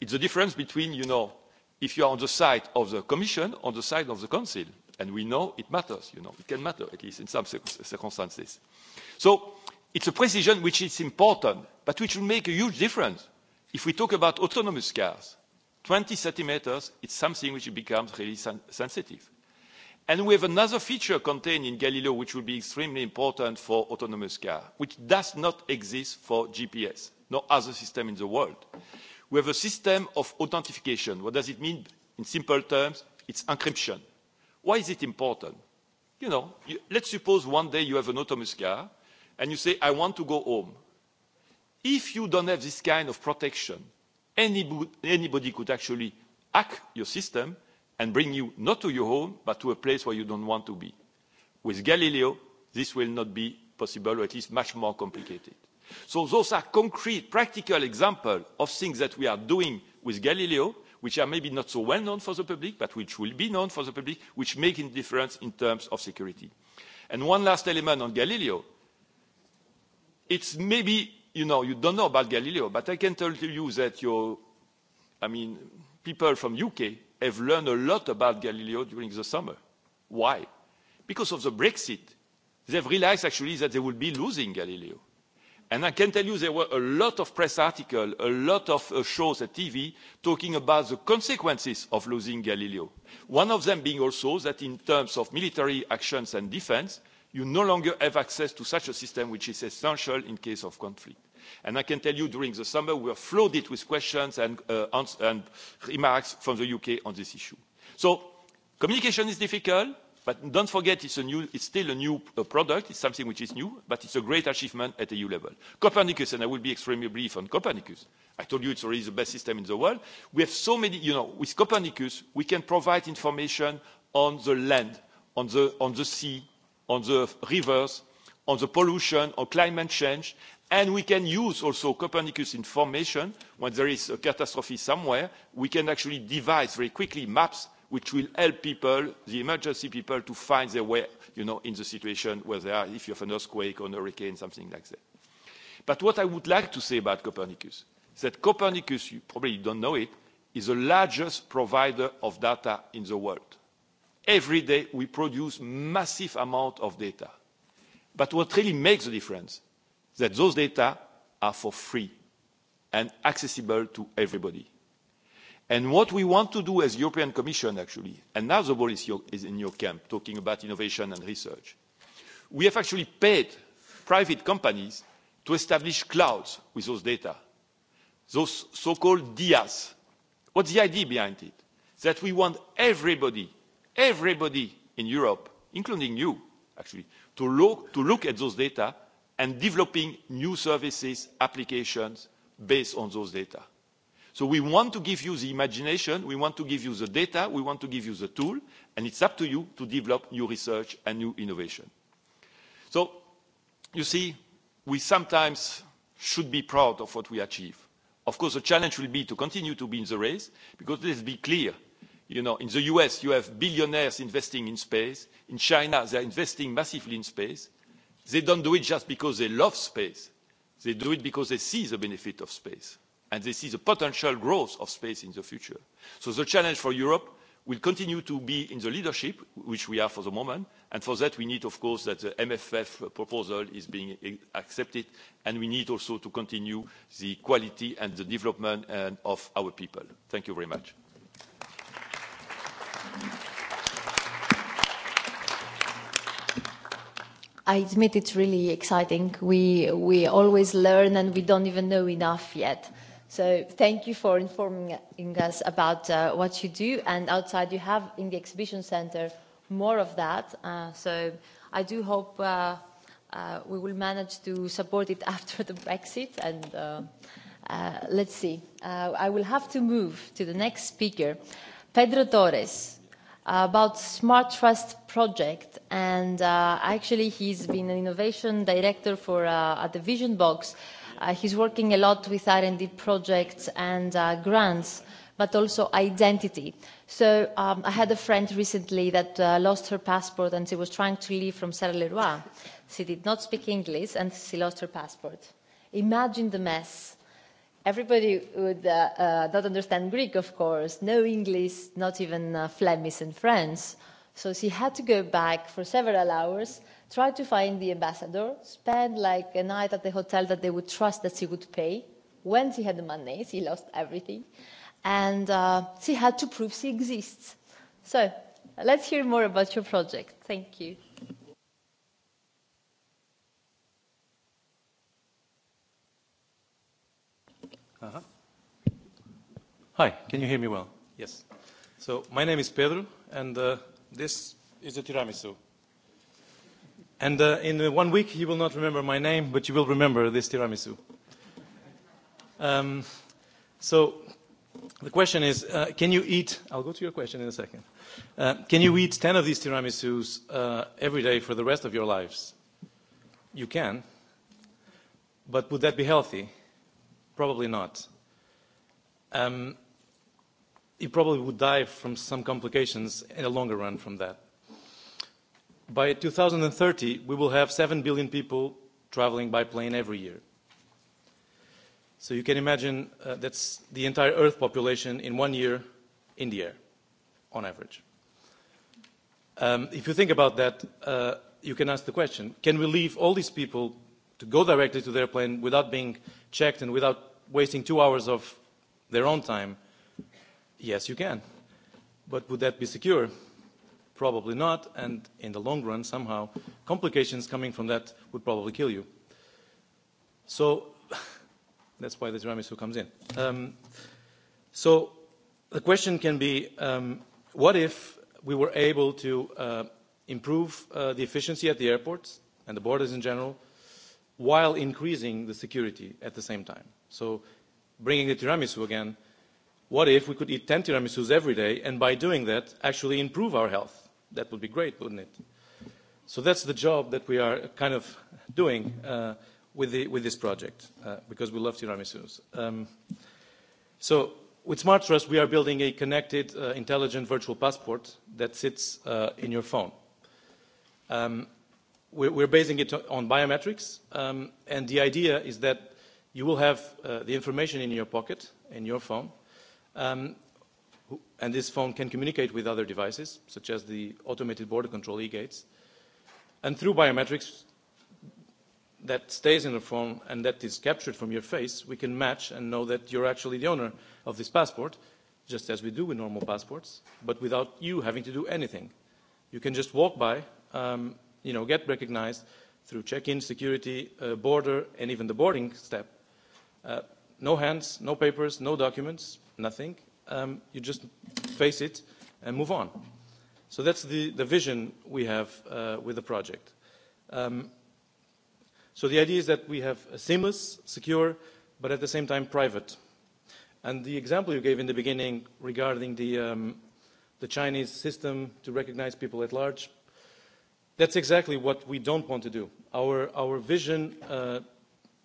it's the difference between, you know, if you are on the side of the Commission, on the side of the Council. And we know it matters, you know, it can matter, at least in some circumstances. So it's a precision which is important, but which will make a huge difference if we talk about autonomous cars twenty centimetres is something which becomes really sen sensitive. And we have another feature contained in Galileo which will be extremely important for autonomous car, which does not exist for GPS, no other system in the world. We have a system of authentication. What does it mean? In simple terms, it's encryption. Why is it important? You know, you, let's suppose one day you have an autonomous car and you say, I want to go home. If you don't have this kind of protection, anybody could actually hack your system and bring you not to your home but to a place where you don't want to be. with galileo this will not be possible or at least much more complicated. so those are concrete practical examples of things that we are doing with galileo which are maybe not so well known for the public but which will be known for the public which make a difference in terms of security. and one last element on galileo it's maybe you know, you don't know about Galileo, but I can tell you that your, I mean, people from UK have learned a lot about Galileo during the summer. Why? Because of the Brexit. They've realized actually that they will be losing Galileo. And I can tell you there were a lot of press articles, a lot of uh, shows at TV talking about the consequences of losing Galileo. One of them being also that in terms of military actions and defence, you no longer have access to such a system which is essential in case of conflict and i can tell you during the summer we were flooded with questions and, uh, remarks from the uk on this issue. so communication is difficult but don't forget it's, still a new uh, product it's something which is new but it's a great achievement at eu level. copernicus and i will be extremely brief on copernicus i told you it's already the best system in the world we have so many you know with copernicus we can provide information on the land on the, on the sea on the rivers on the pollution or climate change and we can use also copernicus information when there is a catastrophe somewhere we can actually devise very quickly maps which will help people the emergency people to find their way you know in the situation where they are if you have an earthquake or a hurricane something like that but what i would like to say about copernicus is that copernicus you probably don't know it is the largest provider of data in the world every day we produce massive amount of data But what really makes the difference is that those data are for free and accessible to everybody. And what we want to do as European Commission, actually, and now the ball is, your, is in your camp, talking about innovation and research, we have actually paid private companies to establish clouds with those data, those so-called DIAs. What's the idea behind it? That we want everybody, everybody in Europe, including you, actually to look, to look at those data and developing new services, applications based on those data. So we want to give you the imagination, we want to give you the data, we want to give you the tool, and it's up to you to develop new research and new innovation. So you see, we sometimes should be proud of what we achieve. Of course, the challenge will be to continue to be in the race, because let's be clear, You know, in the US, you have billionaires investing in space. In China, they are investing massively in space. They don't do it just because they love space. They do it because they see the benefit of space and they see the potential growth of space in the future. So the challenge for Europe will continue to be in the leadership, which we are for the moment. And for that, we need, of course, that the MFF proposal is being accepted. And we need also to continue the quality and the development uh, of our people. Thank you very much. I admit it's really exciting. We, we always learn and we don't even know enough yet. So thank you for informing us about uh, what you do. And outside you have in the exhibition center more of that. Uh, so I do hope uh, uh, we will manage to support it after the Brexit. And uh, uh, let's see. Uh, I will have to move to the next speaker, Pedro Torres about Smart Trust project, and uh, actually he's been an innovation director for uh, at the Vision Box. Uh, he's working a lot with R&D projects and uh, grants, but also identity. So um, I had a friend recently that uh, lost her passport and she was trying to leave from Sierra leroy She did not speak English and she lost her passport. Imagine the mess everybody would uh, uh, not understand Greek, of course, no English, not even uh, Flemish and French. So she had to go back for several hours, try to find the ambassador, spend like a night at the hotel that they would trust that she would pay. When she had the money, she lost everything. And uh, she had to prove she exists. So let's hear more about your project. Thank you. Hi, can you hear me well? Yes. So my name is Pedro, and uh, this is a tiramisu. And uh, in one week, you will not remember my name, but you will remember this tiramisu. Um, so the question is, uh, can you eat, I'll go to your question in a second. Uh, can you eat 10 of these tiramisus uh, every day for the rest of your lives? You can, but would that be healthy? Probably not. Um, he probably would die from some complications in the longer run from that. By 2030, we will have 7 billion people traveling by plane every year. So you can imagine uh, that's the entire Earth population in one year in the air, on average. Um, if you think about that, uh, you can ask the question, can we leave all these people to go directly to their plane without being checked and without wasting two hours of their own time Yes, you can. But would that be secure? Probably not, and in the long run, somehow, complications coming from that would probably kill you. So that's why the tiramisu comes in. Um, so the question can be, um, what if we were able to uh, improve uh, the efficiency at the airports and the borders in general, while increasing the security at the same time? So bringing the tiramisu again, what if we could eat 10 tiramisus every day and by doing that actually improve our health? That would be great, wouldn't it? So that's the job that we are kind of doing uh, with, the, with this project uh, because we love tiramisus. Um, so with Smart Trust, we are building a connected, uh, intelligent virtual passport that sits uh, in your phone. Um, we're, we're basing it on biometrics, um, and the idea is that you will have uh, the information in your pocket, in your phone, um, and this phone can communicate with other devices, such as the automated border control e-gates. And through biometrics that stays in the phone and that is captured from your face, we can match and know that you're actually the owner of this passport, just as we do with normal passports, but without you having to do anything. You can just walk by, um, you know, get recognized through check-in, security, uh, border, and even the boarding step. Uh, no hands, no papers, no documents, nothing. Um, you just face it and move on. So that's the, the vision we have uh, with the project. Um, so the idea is that we have a seamless, secure, but at the same time private. And the example you gave in the beginning regarding the, um, the Chinese system to recognize people at large, that's exactly what we don't want to do. Our, our vision, uh,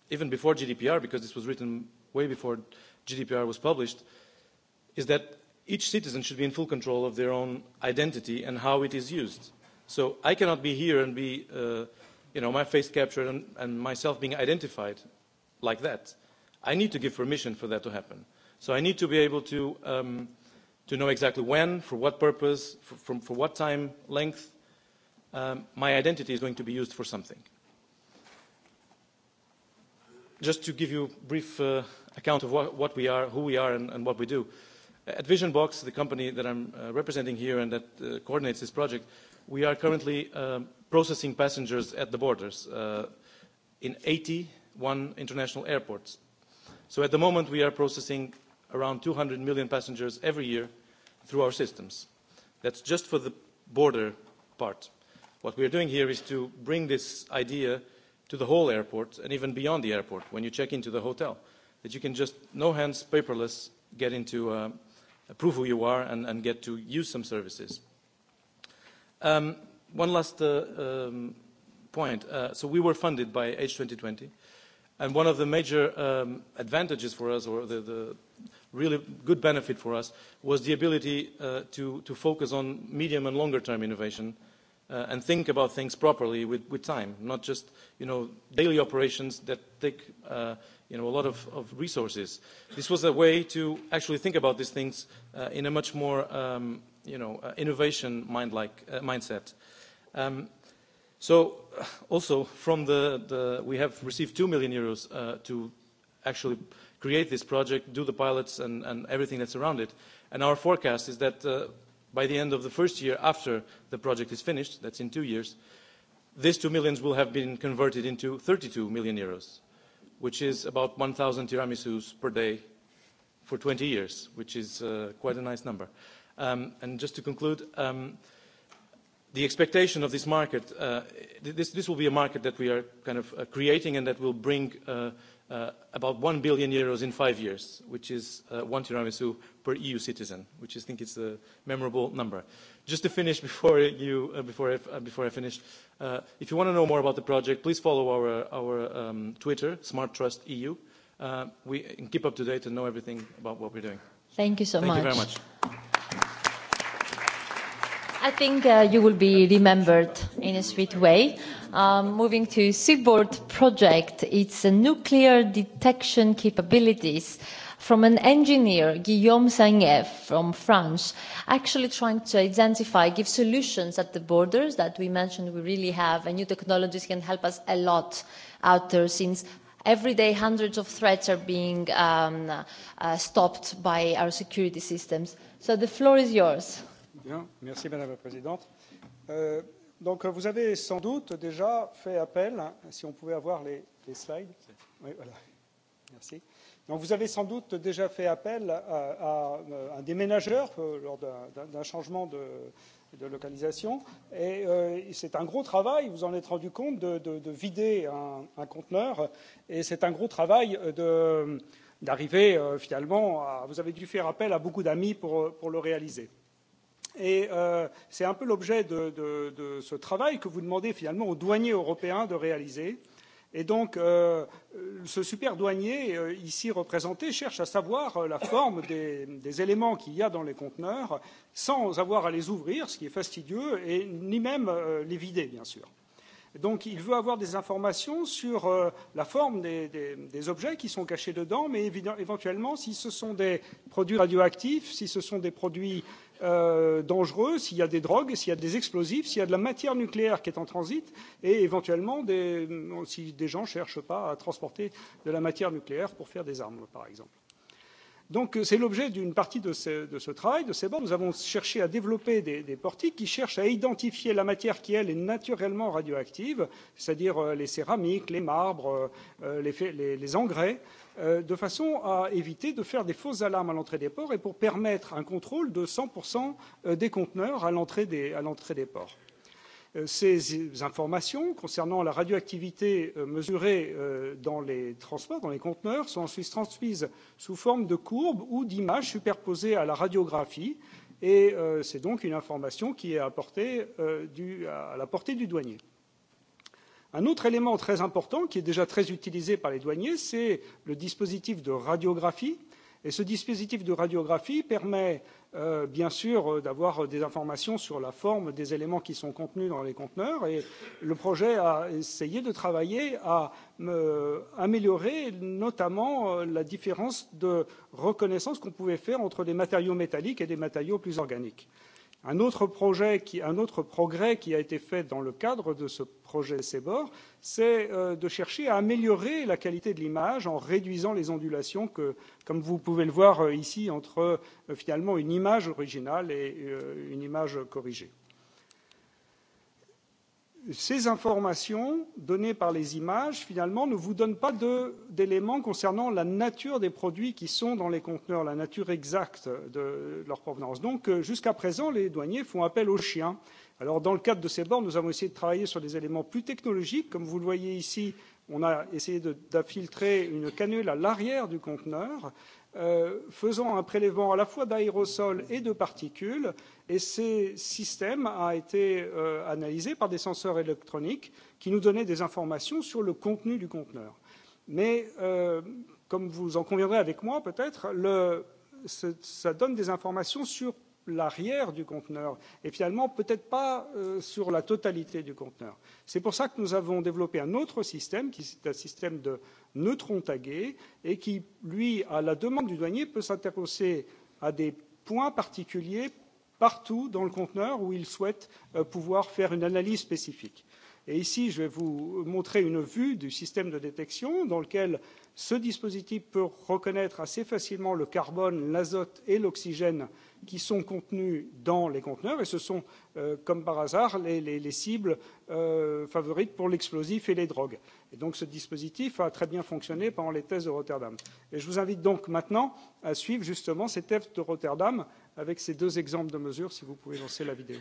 even before GDPR, because this was written way before GDPR was published, uh, is that each citizen should be in full control of their own identity and how it is used. So I cannot be here and be, uh, you know, my face captured and, and myself being identified like that. I need to give permission for that to happen. So I need to be able to, um, to know exactly when, for what purpose, for, from, for what time length um, my identity is going to be used for something. Just to give you a brief uh, account of what, what we are, who we are, and, and what we do. Uh, At VisionBox, the company that I'm uh, representing here and that uh, coordinates this project, we are currently um, processing passengers at the borders uh, in 81 international airports. So at the moment, we are processing around 200 million passengers every year through our systems. That's just for the border part. What we are doing here is to bring this idea to the whole airport and even beyond the airport when you check into the hotel, that you can just, no hands, paperless, get into uh, prove who you are and, and get to use some services. Um, one last uh, um, point. Uh, so we were funded by H2020, and one of the major um, advantages for us, or the, the really good benefit for us, was the ability uh, to, to focus on medium and longer term innovation uh, and think about things properly with, with time, not just you know daily operations that take uh, you know, a lot of, of resources. This was a way to actually think about these things uh, in a much more um, you know, uh, innovation mind -like, uh, mindset. Um, so uh, also from the, the, we have received two million euros uh, to actually create this project, do the pilots and, and everything that's around it. And our forecast is that uh, by the end of the first year after the project is finished, that's in two years, these two millions will have been converted into 32 million euros which is about 1,000 tiramisus per day for 20 years, which is uh, quite a nice number. Um, and just to conclude, um, the expectation of this market, uh, this, this will be a market that we are kind of uh, creating and that will bring uh, uh, about 1 billion euros in five years, which is uh, one tiramisu per EU citizen, which I think is a memorable number just to finish before you uh, before I, uh, before I finish, uh, if you want to know more about the project, please follow our our um, Twitter, Smart Trust EU. Uh, we and keep up to date and know everything about what we're doing. Thank you so Thank much. Thank you very much. I think uh, you will be remembered in a sweet way. Um, moving to Seaboard project, it's a nuclear detection capabilities. Uh, from an engineer, Guillaume Sangev from France, actually trying to identify, give solutions at the borders that we mentioned we really have, and new technologies can help us a lot out there since every day hundreds of threats are being um, uh, stopped by our security systems. So the floor is yours. Bien, merci Madame la Présidente. Euh, donc vous avez sans doute déjà fait appel, hein, si on pouvait avoir les, les slides. Oui, voilà. Merci vous avez sans doute déjà fait appel à, un déménageur euh, lors d'un changement de, localisation. Et euh, c'est un gros travail, vous en êtes rendu compte, de, vider un, conteneur. Et c'est un gros travail d'arriver euh, finalement à. Vous avez dû faire appel à beaucoup d'amis pour, pour le réaliser. Et euh, c'est un peu l'objet de, de, de ce travail que vous demandez finalement aux douaniers européens de réaliser. Euh, Et donc, euh, ce super douanier euh, ici représenté cherche à savoir euh, la forme des, des éléments qu'il y a dans les conteneurs sans avoir à les ouvrir, ce qui est fastidieux, et ni même euh, les vider, bien sûr. Donc, il veut avoir des informations sur euh, la forme des, des, des objets qui sont cachés dedans, mais évidemment, éventuellement, si ce sont des produits radioactifs, si ce sont des produits euh, dangereux, s'il y a des drogues, s'il y a des explosifs, s'il y a de la matière nucléaire qui est en transit et éventuellement des, si des gens ne cherchent pas à transporter de la matière nucléaire pour faire des armes, par exemple. Donc c'est l'objet d'une partie de ce, travail, de ces bancs Nous avons cherché à développer des, portiques qui cherchent à identifier la matière qui, elle, est naturellement radioactive, c'est-à-dire euh, les céramiques, les marbres, euh, euh, les, engrais, de façon à éviter de faire des fausses alarmes à l'entrée des ports et pour permettre un contrôle de cent des conteneurs à l'entrée des ports. Euh, ces informations concernant la radioactivité euh, mesurée euh, dans les transports, dans les conteneurs, sont ensuite transmises sous forme de courbes ou d'images superposées à la radiographie. Et c'est donc une information qui est à la portée du douanier. Un autre élément très important, qui est déjà très utilisé par les douaniers, c'est le dispositif de radiographie. Et ce dispositif de radiographie permet euh, bien sûr, euh, d'avoir euh, des informations sur la forme des éléments qui sont contenus dans les conteneurs. Et le projet a essayé de travailler à euh, améliorer notamment euh, la différence de reconnaissance qu'on pouvait faire entre des matériaux métalliques et des matériaux plus organiques. Un autre, projet qui, un autre progrès qui a été fait dans le cadre de ce projet CEBOR, c'est euh, de chercher à améliorer la qualité de l'image en réduisant les ondulations que, comme vous pouvez le voir euh, ici, entre euh, finalement une image originale et une image corrigée ces informations données par les images finalement ne vous donnent pas d'éléments concernant la nature des produits qui sont dans les conteneurs, la nature exacte de leur provenance. Donc euh, jusqu'à présent, les douaniers font appel aux chiens. Alors dans le cadre de ces bornes, nous avons essayé de travailler sur des éléments plus technologiques. Comme vous le voyez ici, on a essayé d'infiltrer une canule à l'arrière du conteneur Euh, faisant un prélèvement à la fois d'aérosols et de particules. Et ces systèmes a été euh, analysé par des senseurs électroniques qui nous donnaient des informations sur le contenu du conteneur. Mais euh, comme vous en conviendrez avec moi peut-être, ça donne des informations sur l'arrière du conteneur et finalement peut-être pas euh, sur la totalité du conteneur. C'est pour ça que nous avons développé un autre système qui est un système de neutrons tagués et qui, lui, à la demande du douanier, peut s'intéresser à des points particuliers partout dans le conteneur où il souhaite euh, pouvoir faire une analyse spécifique. Et ici, je vais vous montrer une vue du système de détection dans lequel ce dispositif peut reconnaître assez facilement le carbone, l'azote et l'oxygène qui sont contenus dans les conteneurs. Et ce sont, euh, comme par hasard, les, les, les cibles euh, favorites pour l'explosif et les drogues. Et donc ce dispositif a très bien fonctionné pendant les tests de Rotterdam. Et je vous invite donc maintenant à suivre justement ces tests de Rotterdam avec ces deux exemples de mesures, si vous pouvez lancer la vidéo.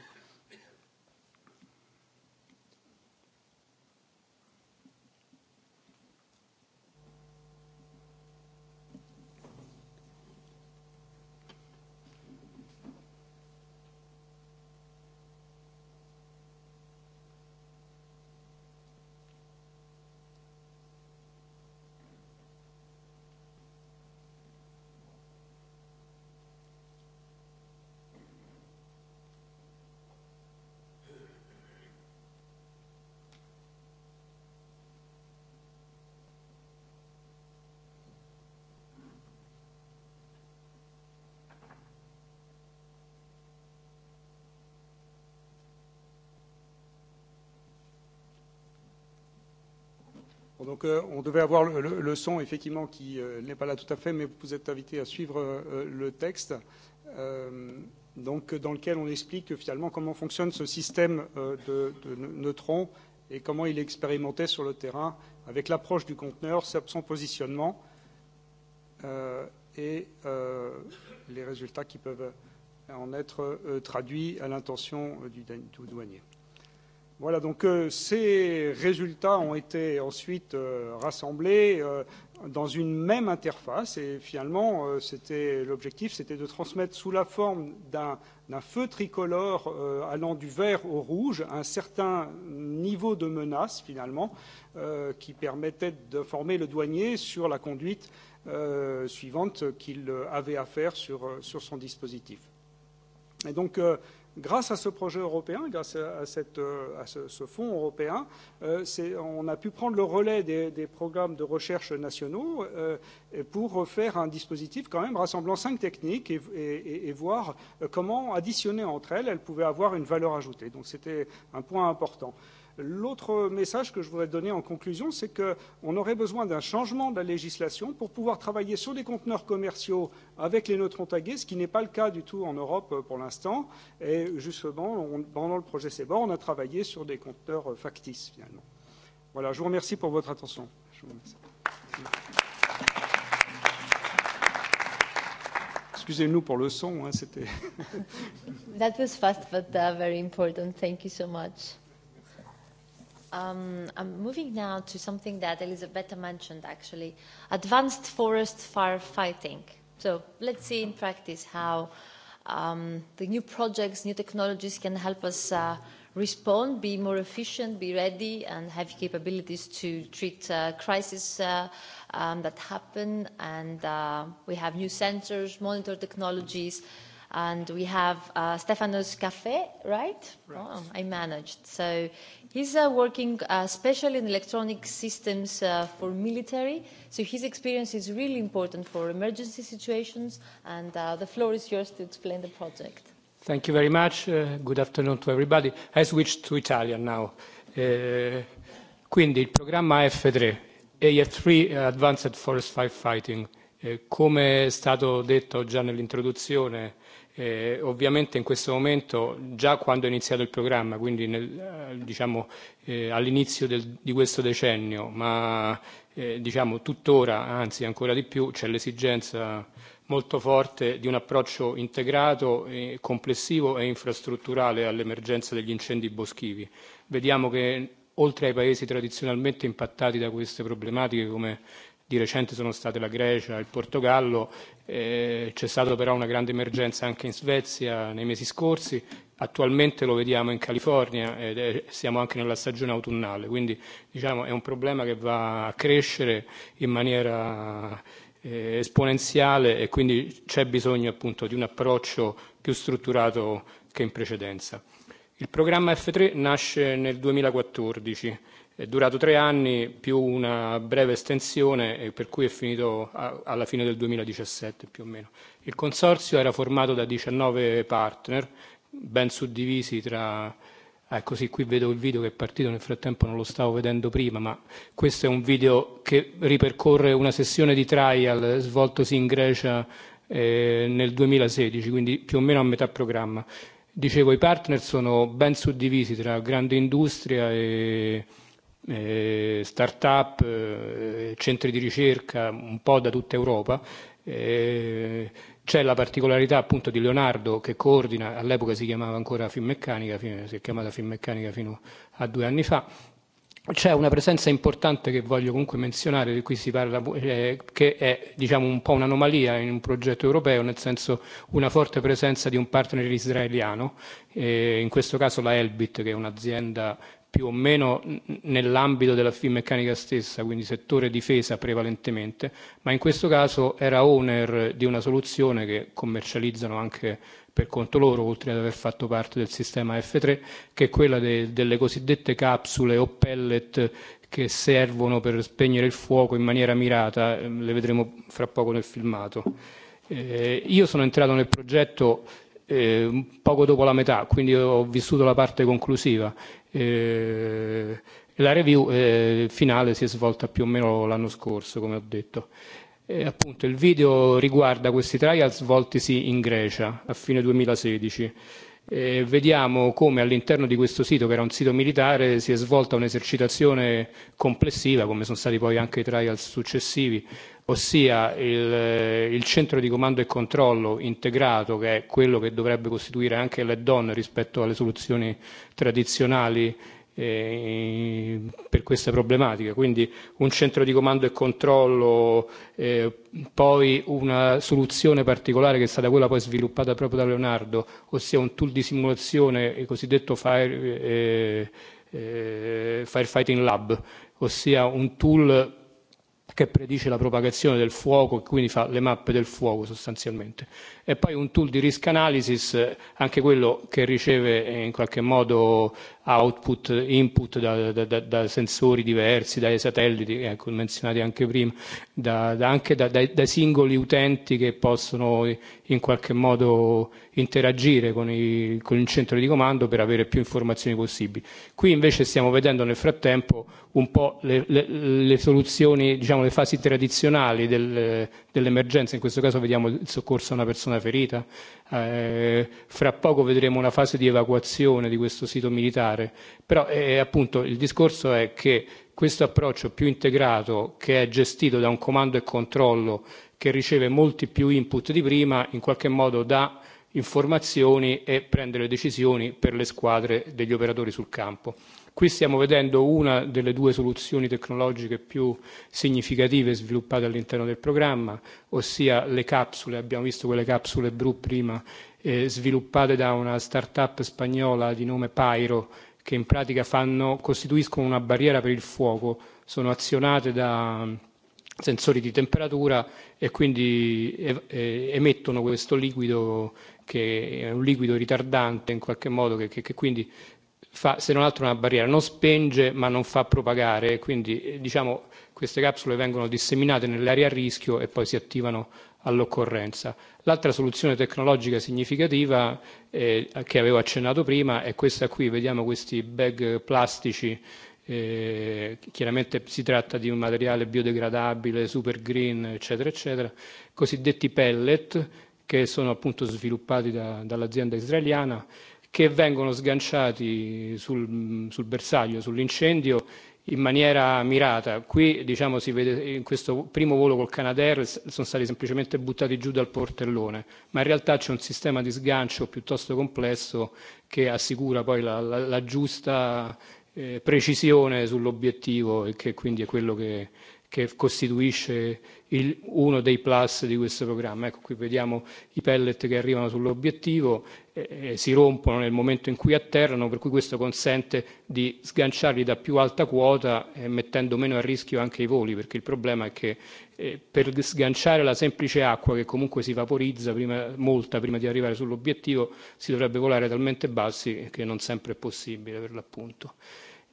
Donc euh, on devait avoir le, le, le son, effectivement, qui euh, n'est pas là tout à fait, mais vous êtes invité à suivre euh, le texte, euh, donc, dans lequel on explique finalement comment fonctionne ce système euh, de, de neutrons et comment il est expérimenté sur le terrain avec l'approche du conteneur, son positionnement euh, et euh, les résultats qui peuvent en être euh, traduits à l'intention euh, du, du douanier. Voilà, donc euh, ces résultats ont été ensuite euh, rassemblés euh, dans une même interface et finalement euh, c'était l'objectif c'était de transmettre sous la forme d'un d'un feu tricolore euh, allant du vert au rouge, un certain niveau de menace finalement, euh, qui permettait d'informer le douanier sur la conduite euh, suivante qu'il avait à faire sur, euh, sur son dispositif. Et donc, euh, grâce à ce projet européen, grâce à, cette, euh, à ce, ce, fonds européen, euh, on a pu prendre le relais des, des programmes de recherche nationaux euh, pour faire un dispositif quand même rassemblant cinq techniques et, et, et, voir euh, comment additionnées entre elles, elles pouvaient avoir une valeur ajoutée. Donc c'était un point important. L'autre message que je voudrais donner en conclusion, c'est qu'on aurait besoin d'un changement de la législation pour pouvoir travailler sur des conteneurs commerciaux avec les neutrons tagués, ce qui n'est pas le cas du tout en Europe euh, pour l'instant. Et justement, on, pendant le projet CEBA, on a travaillé sur des conteneurs euh, factices finalement. Voilà, je vous remercie pour votre attention. Je vous remercie. Excusez-nous pour le son, hein, c'était. That was fast, but uh, very important. Thank you so much. Um, I'm moving now to something that Elisabetta mentioned, actually, advanced forest firefighting. So let's see in practice how um, the new projects, new technologies can help us uh, respond, be more efficient, be ready, and have capabilities to treat uh, crises uh, um, that happen. And uh, we have new sensors, monitor technologies, And we have uh, Stefanos Cafe, right? right. Oh, I managed. So he's uh, working uh, especially in electronic systems uh, for military. So his experience is really important for emergency situations. And uh, the floor is yours to explain the project. Thank you very much. Uh, good afternoon to everybody. I switched to Italian now. Uh, quindi il programma F3, AF3 eh, Advanced Forest Firefighting, eh, come è stato detto già nell'introduzione Eh, ovviamente in questo momento, già quando è iniziato il programma, quindi nel, eh, diciamo, eh, all'inizio del, di questo decennio, ma eh, diciamo tuttora, anzi ancora di più, c'è l'esigenza molto forte di un approccio integrato, e complessivo e infrastrutturale all'emergenza degli incendi boschivi. Vediamo che oltre ai paesi tradizionalmente impattati da queste problematiche come di recente sono state la Grecia e il Portogallo, eh, c'è stata però una grande emergenza anche in Svezia nei mesi scorsi, attualmente lo vediamo in California e siamo anche nella stagione autunnale, quindi diciamo è un problema che va a crescere in maniera eh, esponenziale e quindi c'è bisogno appunto di un approccio più strutturato che in precedenza. Il programma F3 nasce nel 2014 È durato tre anni più una breve estensione e per cui è finito a, alla fine del 2017 più o meno. Il consorzio era formato da 19 partner ben suddivisi tra Ecco eh, sì, qui vedo il video che è partito, nel frattempo non lo stavo vedendo prima, ma questo è un video che ripercorre una sessione di trial svoltosi in Grecia eh, nel 2016, quindi più o meno a metà programma. Dicevo, i partner sono ben suddivisi tra grande industria e, eh, start-up, eh, centri di ricerca un po' da tutta Europa. Eh, c'è la particolarità appunto di Leonardo che coordina, all'epoca si chiamava ancora Finmeccanica, si è chiamata Finmeccanica fino a due anni fa, C'è una presenza importante che voglio comunque menzionare, di cui si parla, eh, che è diciamo, un po' un'anomalia in un progetto europeo, nel senso una forte presenza di un partner israeliano, eh, in questo caso la Elbit, che è un'azienda più o meno nell'ambito della film meccanica stessa, quindi settore difesa prevalentemente, ma in questo caso era owner di una soluzione che commercializzano anche per conto loro, oltre ad aver fatto parte del sistema F3, che è quella de delle cosiddette capsule o pellet che servono per spegnere il fuoco in maniera mirata, ehm, le vedremo fra poco nel filmato. Eh, io sono entrato nel progetto eh, poco dopo la metà, quindi ho vissuto la parte conclusiva. Eh, la review eh, finale si è svolta più o meno l'anno scorso, come ho detto. E eh, appunto il video riguarda questi trial svoltisi in Grecia a fine 2016. E eh, vediamo come all'interno di questo sito, che era un sito militare, si è svolta un'esercitazione complessiva, come sono stati poi anche i trials successivi, ossia il, il centro di comando e controllo integrato, che è quello che dovrebbe costituire anche le donne rispetto alle soluzioni tradizionali eh, per questa problematica. quindi un centro di comando e controllo, eh, poi una soluzione particolare che è stata quella poi sviluppata proprio da Leonardo, ossia un tool di simulazione, il cosiddetto fire, eh, eh, Firefighting Lab, ossia un tool che predice la propagazione del fuoco e quindi fa le mappe del fuoco sostanzialmente. E poi un tool di risk analysis, eh, anche quello che riceve eh, in qualche modo output, input da, da, da, da sensori diversi, dai satelliti, ecco, menzionati anche prima, da, da anche da, dai, dai singoli utenti che possono in qualche modo interagire con, i, con il centro di comando per avere più informazioni possibili. Qui invece stiamo vedendo nel frattempo un po' le, le, le soluzioni, diciamo le fasi tradizionali del, dell'emergenza, in questo caso vediamo il soccorso a una persona ferita, Eh, fra poco vedremo una fase di evacuazione di questo sito militare, però eh, eh, appunto il discorso è che questo approccio più integrato, che è gestito da un comando e controllo che riceve molti più input di prima, in qualche modo dà informazioni e prende le decisioni per le squadre degli operatori sul campo. Qui stiamo vedendo una delle due soluzioni tecnologiche più significative sviluppate all'interno del programma, ossia le capsule, abbiamo visto quelle capsule blu prima, eh, sviluppate da una start-up spagnola di nome Pyro, che in pratica fanno, costituiscono una barriera per il fuoco, sono azionate da mm, sensori di temperatura e quindi emettono questo liquido che è un liquido ritardante in qualche modo che, che, che quindi fa se non altro una barriera, non spenge ma non fa propagare, quindi eh, diciamo queste capsule vengono disseminate nelle a rischio e poi si attivano all'occorrenza. L'altra soluzione tecnologica significativa eh, che avevo accennato prima è questa qui, vediamo questi bag plastici eh, chiaramente si tratta di un materiale biodegradabile, super green, eccetera, eccetera, cosiddetti pellet che sono appunto sviluppati da, dall'azienda israeliana che vengono sganciati sul, sul bersaglio, sull'incendio in maniera mirata. Qui diciamo, si vede in questo primo volo col Canadair sono stati semplicemente buttati giù dal portellone, ma in realtà c'è un sistema di sgancio piuttosto complesso che assicura poi la, la, la giusta eh, precisione sull'obiettivo e che quindi è quello che che costituisce il, uno dei plus di questo programma. Ecco, qui vediamo i pellet che arrivano sull'obiettivo, eh, eh, si rompono nel momento in cui atterrano, per cui questo consente di sganciarli da più alta quota eh, mettendo meno a rischio anche i voli, perché il problema è che eh, per sganciare la semplice acqua che comunque si vaporizza prima, molta prima di arrivare sull'obiettivo si dovrebbe volare talmente bassi che non sempre è possibile per l'appunto.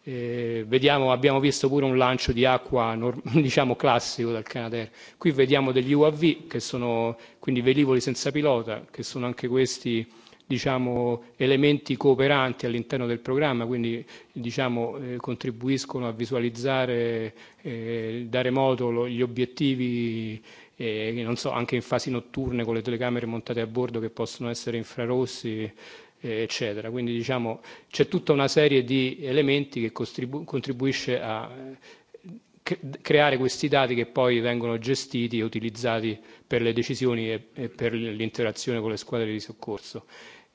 Eh, vediamo, abbiamo visto pure un lancio di acqua diciamo classico dal Canadair. Qui vediamo degli UAV, che sono quindi velivoli senza pilota, che sono anche questi diciamo, elementi cooperanti all'interno del programma, quindi diciamo, eh, contribuiscono a visualizzare eh, da remoto lo, gli obiettivi E, eh, non so, anche in fasi notturne con le telecamere montate a bordo che possono essere infrarossi eh, eccetera. Quindi diciamo c'è tutta una serie di elementi che contribu- contribuisce a eh, creare questi dati che poi vengono gestiti e utilizzati per le decisioni e, e per l'interazione con le squadre di soccorso.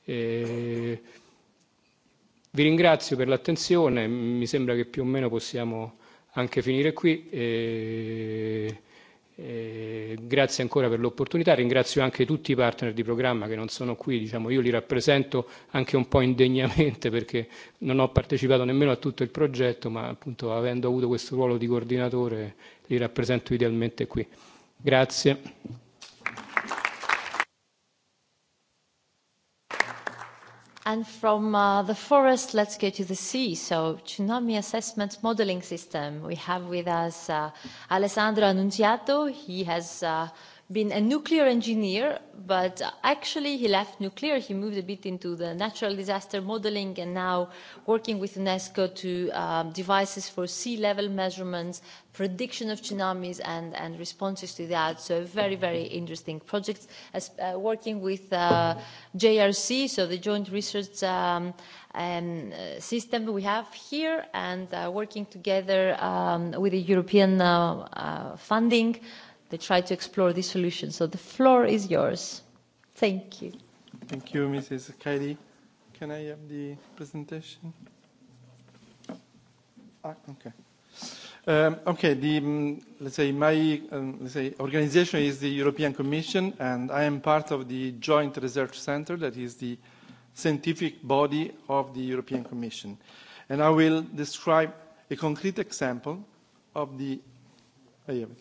E... Eh, vi ringrazio per l'attenzione, mi sembra che più o meno possiamo anche finire qui. Eh, Eh, grazie ancora per l'opportunità, ringrazio anche tutti i partner di programma che non sono qui, diciamo, io li rappresento anche un po' indegnamente perché non ho partecipato nemmeno a tutto il progetto, ma appunto avendo avuto questo ruolo di coordinatore li rappresento idealmente qui. Grazie. And from uh, the forest, let's go to the sea. So, tsunami assessment modeling system. We have with us uh, Alessandro Annunziato. He has uh, been a nuclear engineer, but actually he left nuclear. He moved a bit into the natural disaster modeling and now working with UNESCO to um, devices for sea level measurements, prediction of tsunamis and, and responses to that. So very, very interesting projects. As, uh, working with uh, JRC, so the Joint Research um, um, uh, system we have here, and uh, working together um, with the European uh, uh, funding they try to explore these solutions. So the floor is yours. Thank you. Thank you, Mrs. Kelly. Can I have the presentation? Ah, okay. Um, okay, the, um, let's say my um, let's say organization is the European Commission, and I am part of the Joint Research Center, that is the scientific body of the European Commission. And I will describe a concrete example of the. I have it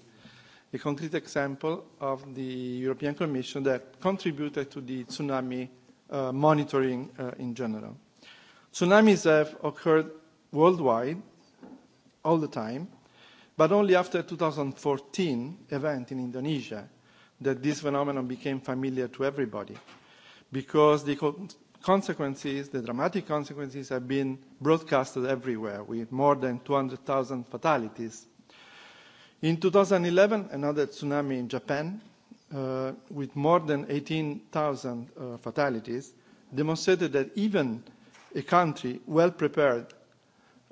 a concrete example of the European Commission that contributed to the tsunami uh, monitoring uh, in general. Tsunamis have occurred worldwide all the time, but only after 2014 event in Indonesia that this phenomenon became familiar to everybody because the consequences, the dramatic consequences have been broadcasted everywhere with more than 200,000 fatalities In 2011, another tsunami in Japan, uh, with more than 18,000 uh, fatalities, demonstrated that even a country well prepared,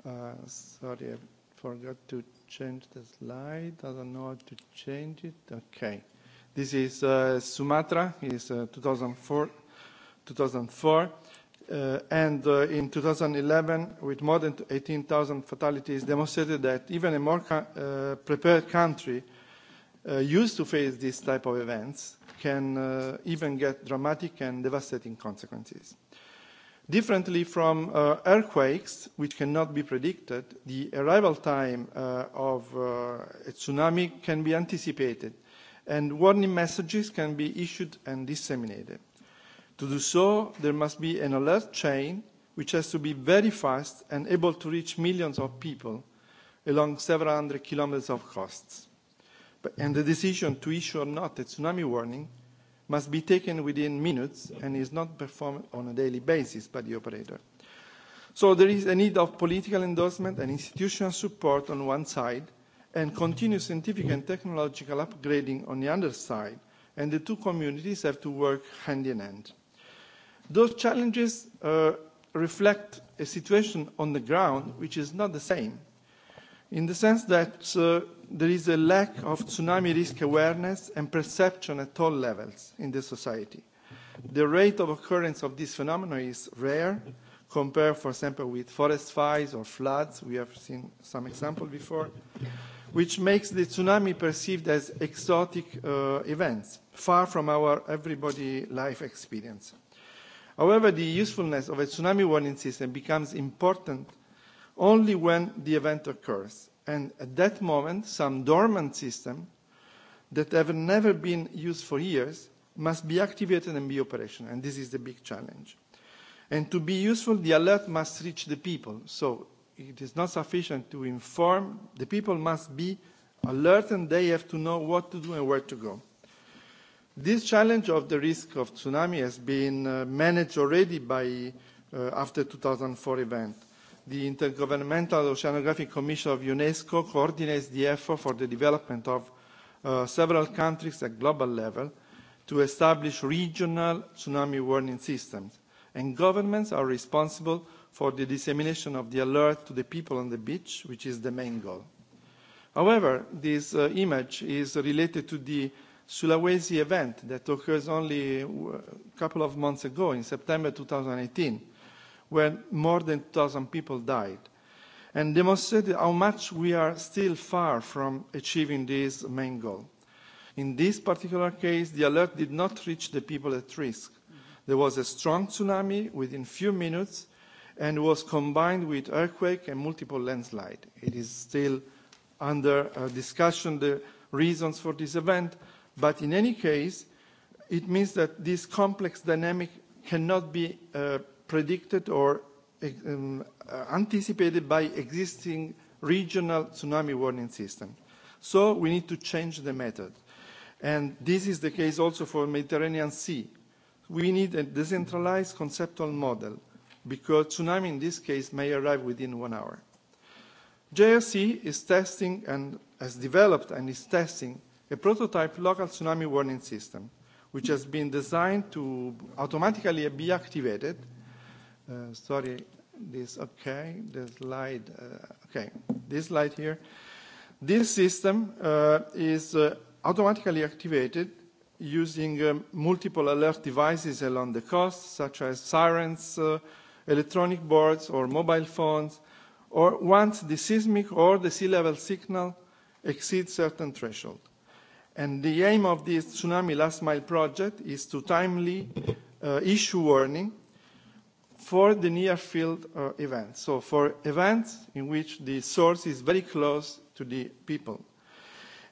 uh, sorry, I forgot to change the slide. I don't know how to change it. Okay. This is uh, Sumatra, is uh, 2004, 2004. Uh, and uh, in 2011, with more than 18,000 fatalities, demonstrated that even a more uh, prepared country uh, used to face this type of events can uh, even get dramatic and devastating consequences. Differently from uh, earthquakes, which cannot be predicted, the arrival time uh, of uh, a tsunami can be anticipated, and warning messages can be issued and disseminated. To do so, there must be an alert chain which has to be very fast and able to reach millions of people along several hundred kilometers of coasts. But, and the decision to issue or not a tsunami warning must be taken within minutes and is not performed on a daily basis by the operator. So there is a need of political endorsement and institutional support on one side and continuous scientific and technological upgrading on the other side, and the two communities have to work hand in hand. Those challenges uh, reflect a situation on the ground which is not the same, in the sense that uh, there is a lack of tsunami risk awareness and perception at all levels in the society. The rate of occurrence of this phenomenon is rare, compared, for example, with forest fires or floods, we have seen some examples before, which makes the tsunami perceived as exotic uh, events, far from our everybody life experience. However, the usefulness of a tsunami warning system becomes important only when the event occurs. And at that moment, some dormant system that have never been used for years must be activated and be operational. And this is the big challenge. And to be useful, the alert must reach the people. So it is not sufficient to inform. The people must be alert and they have to know what to do and where to go. This challenge of the risk of tsunami has been uh, managed already by uh, after 2004 event. The Intergovernmental Oceanographic Commission of UNESCO coordinates the effort for the development of uh, several countries at global level to establish regional tsunami warning systems, and governments are responsible for the dissemination of the alert to the people on the beach, which is the main goal. However, this uh, image is related to the Sulawesi event that occurs only a uh, couple of months ago in September 2018, when more than 2,000 people died, and demonstrated how much we are still far from achieving this main goal. In this particular case, the alert did not reach the people at risk. There was a strong tsunami within few minutes and was combined with earthquake and multiple landslides. It is still under uh, discussion the reasons for this event, But in any case, it means that this complex dynamic cannot be uh, predicted or um, uh, anticipated by existing regional tsunami warning system. So we need to change the method. And this is the case also for Mediterranean Sea. We need a decentralized conceptual model because tsunami in this case may arrive within one hour. JRC is testing and has developed and is testing a prototype local tsunami warning system, which has been designed to automatically be activated. Uh, sorry, this, okay, the slide, uh, okay, this slide here. This system uh, is uh, automatically activated using um, multiple alert devices along the coast, such as sirens, uh, electronic boards, or mobile phones, or once the seismic or the sea level signal exceeds certain threshold. And the aim of this Tsunami Last Mile project is to timely uh, issue warning for the near field uh, events. So for events in which the source is very close to the people.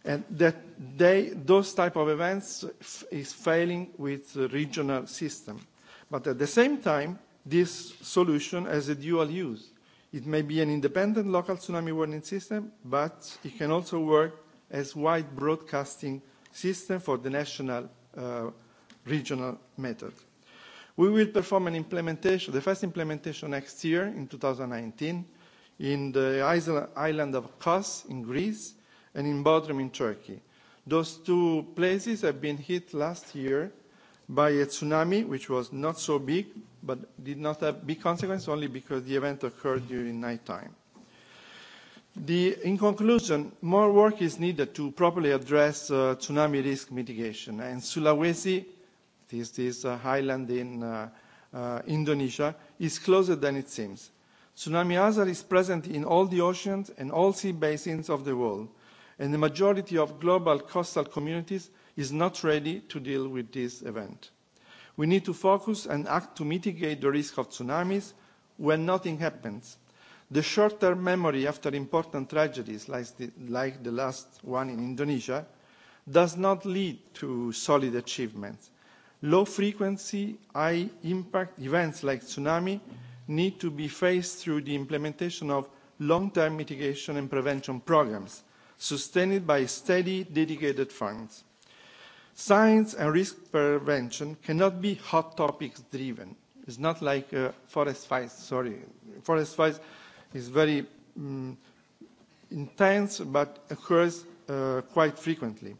And that they, those type of events is failing with the regional system. But at the same time, this solution has a dual use. It may be an independent local tsunami warning system, but it can also work as wide broadcasting system for the national uh, regional method. We will perform an implementation, the first implementation next year in 2019 in the island of Kos in Greece and in Bodrum in Turkey. Those two places have been hit last year by a tsunami, which was not so big, but did not have big consequence only because the event occurred during night time. The, in conclusion, more work is needed to properly address uh, tsunami risk mitigation. And Sulawesi, this, this uh, island in uh, uh, Indonesia, is closer than it seems. Tsunami hazard is present in all the oceans and all sea basins of the world, and the majority of global coastal communities is not ready to deal with this event. We need to focus and act to mitigate the risk of tsunamis when nothing happens The short-term memory after important tragedies like the, like the last one in Indonesia does not lead to solid achievements. Low-frequency, high-impact events like tsunami need to be faced through the implementation of long-term mitigation and prevention programs, sustained by steady, dedicated funds. Science and risk prevention cannot be hot topics driven. It's not like uh, forest fires, sorry, forest fires is very um, intense but occurs uh, quite frequently.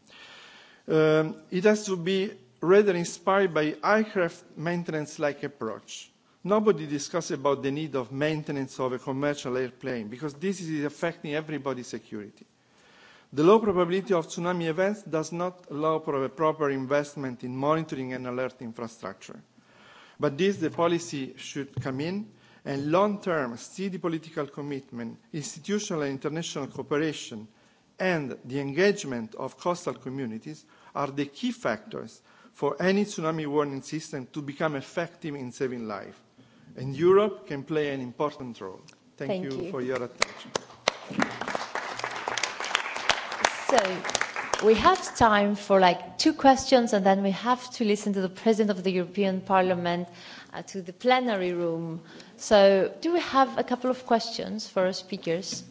Um, it has to be rather inspired by aircraft maintenance-like approach. Nobody discusses about the need of maintenance of a commercial airplane because this is affecting everybody's security. The low probability of tsunami events does not allow for a proper investment in monitoring and alert infrastructure. But this, the policy should come in and long-term steady political commitment, institutional and international cooperation, and the engagement of coastal communities are the key factors for any tsunami warning system to become effective in saving life. And Europe can play an important role. Thank, Thank you, you for your attention. So we have time for like two questions and then we have to listen to the President of the European Parliament uh, to the plenary room. So do we have a couple of questions for our speakers?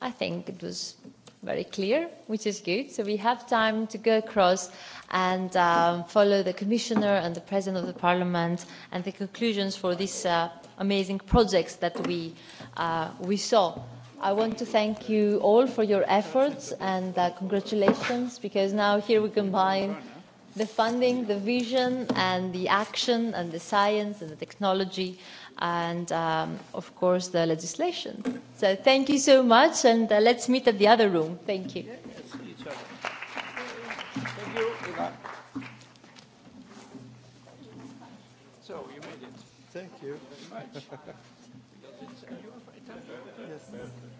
I think it was very clear, which is good. So we have time to go across and um, follow the Commissioner and the President of the Parliament and the conclusions for these uh, amazing projects that we, uh, we saw. I want to thank you all for your efforts and uh, congratulations because now here we combine the funding, the vision, and the action, and the science, and the technology, and um, of course the legislation. So thank you so much, and uh, let's meet at the other room. Thank you. Thank you. So you made it. Thank you very much. yes.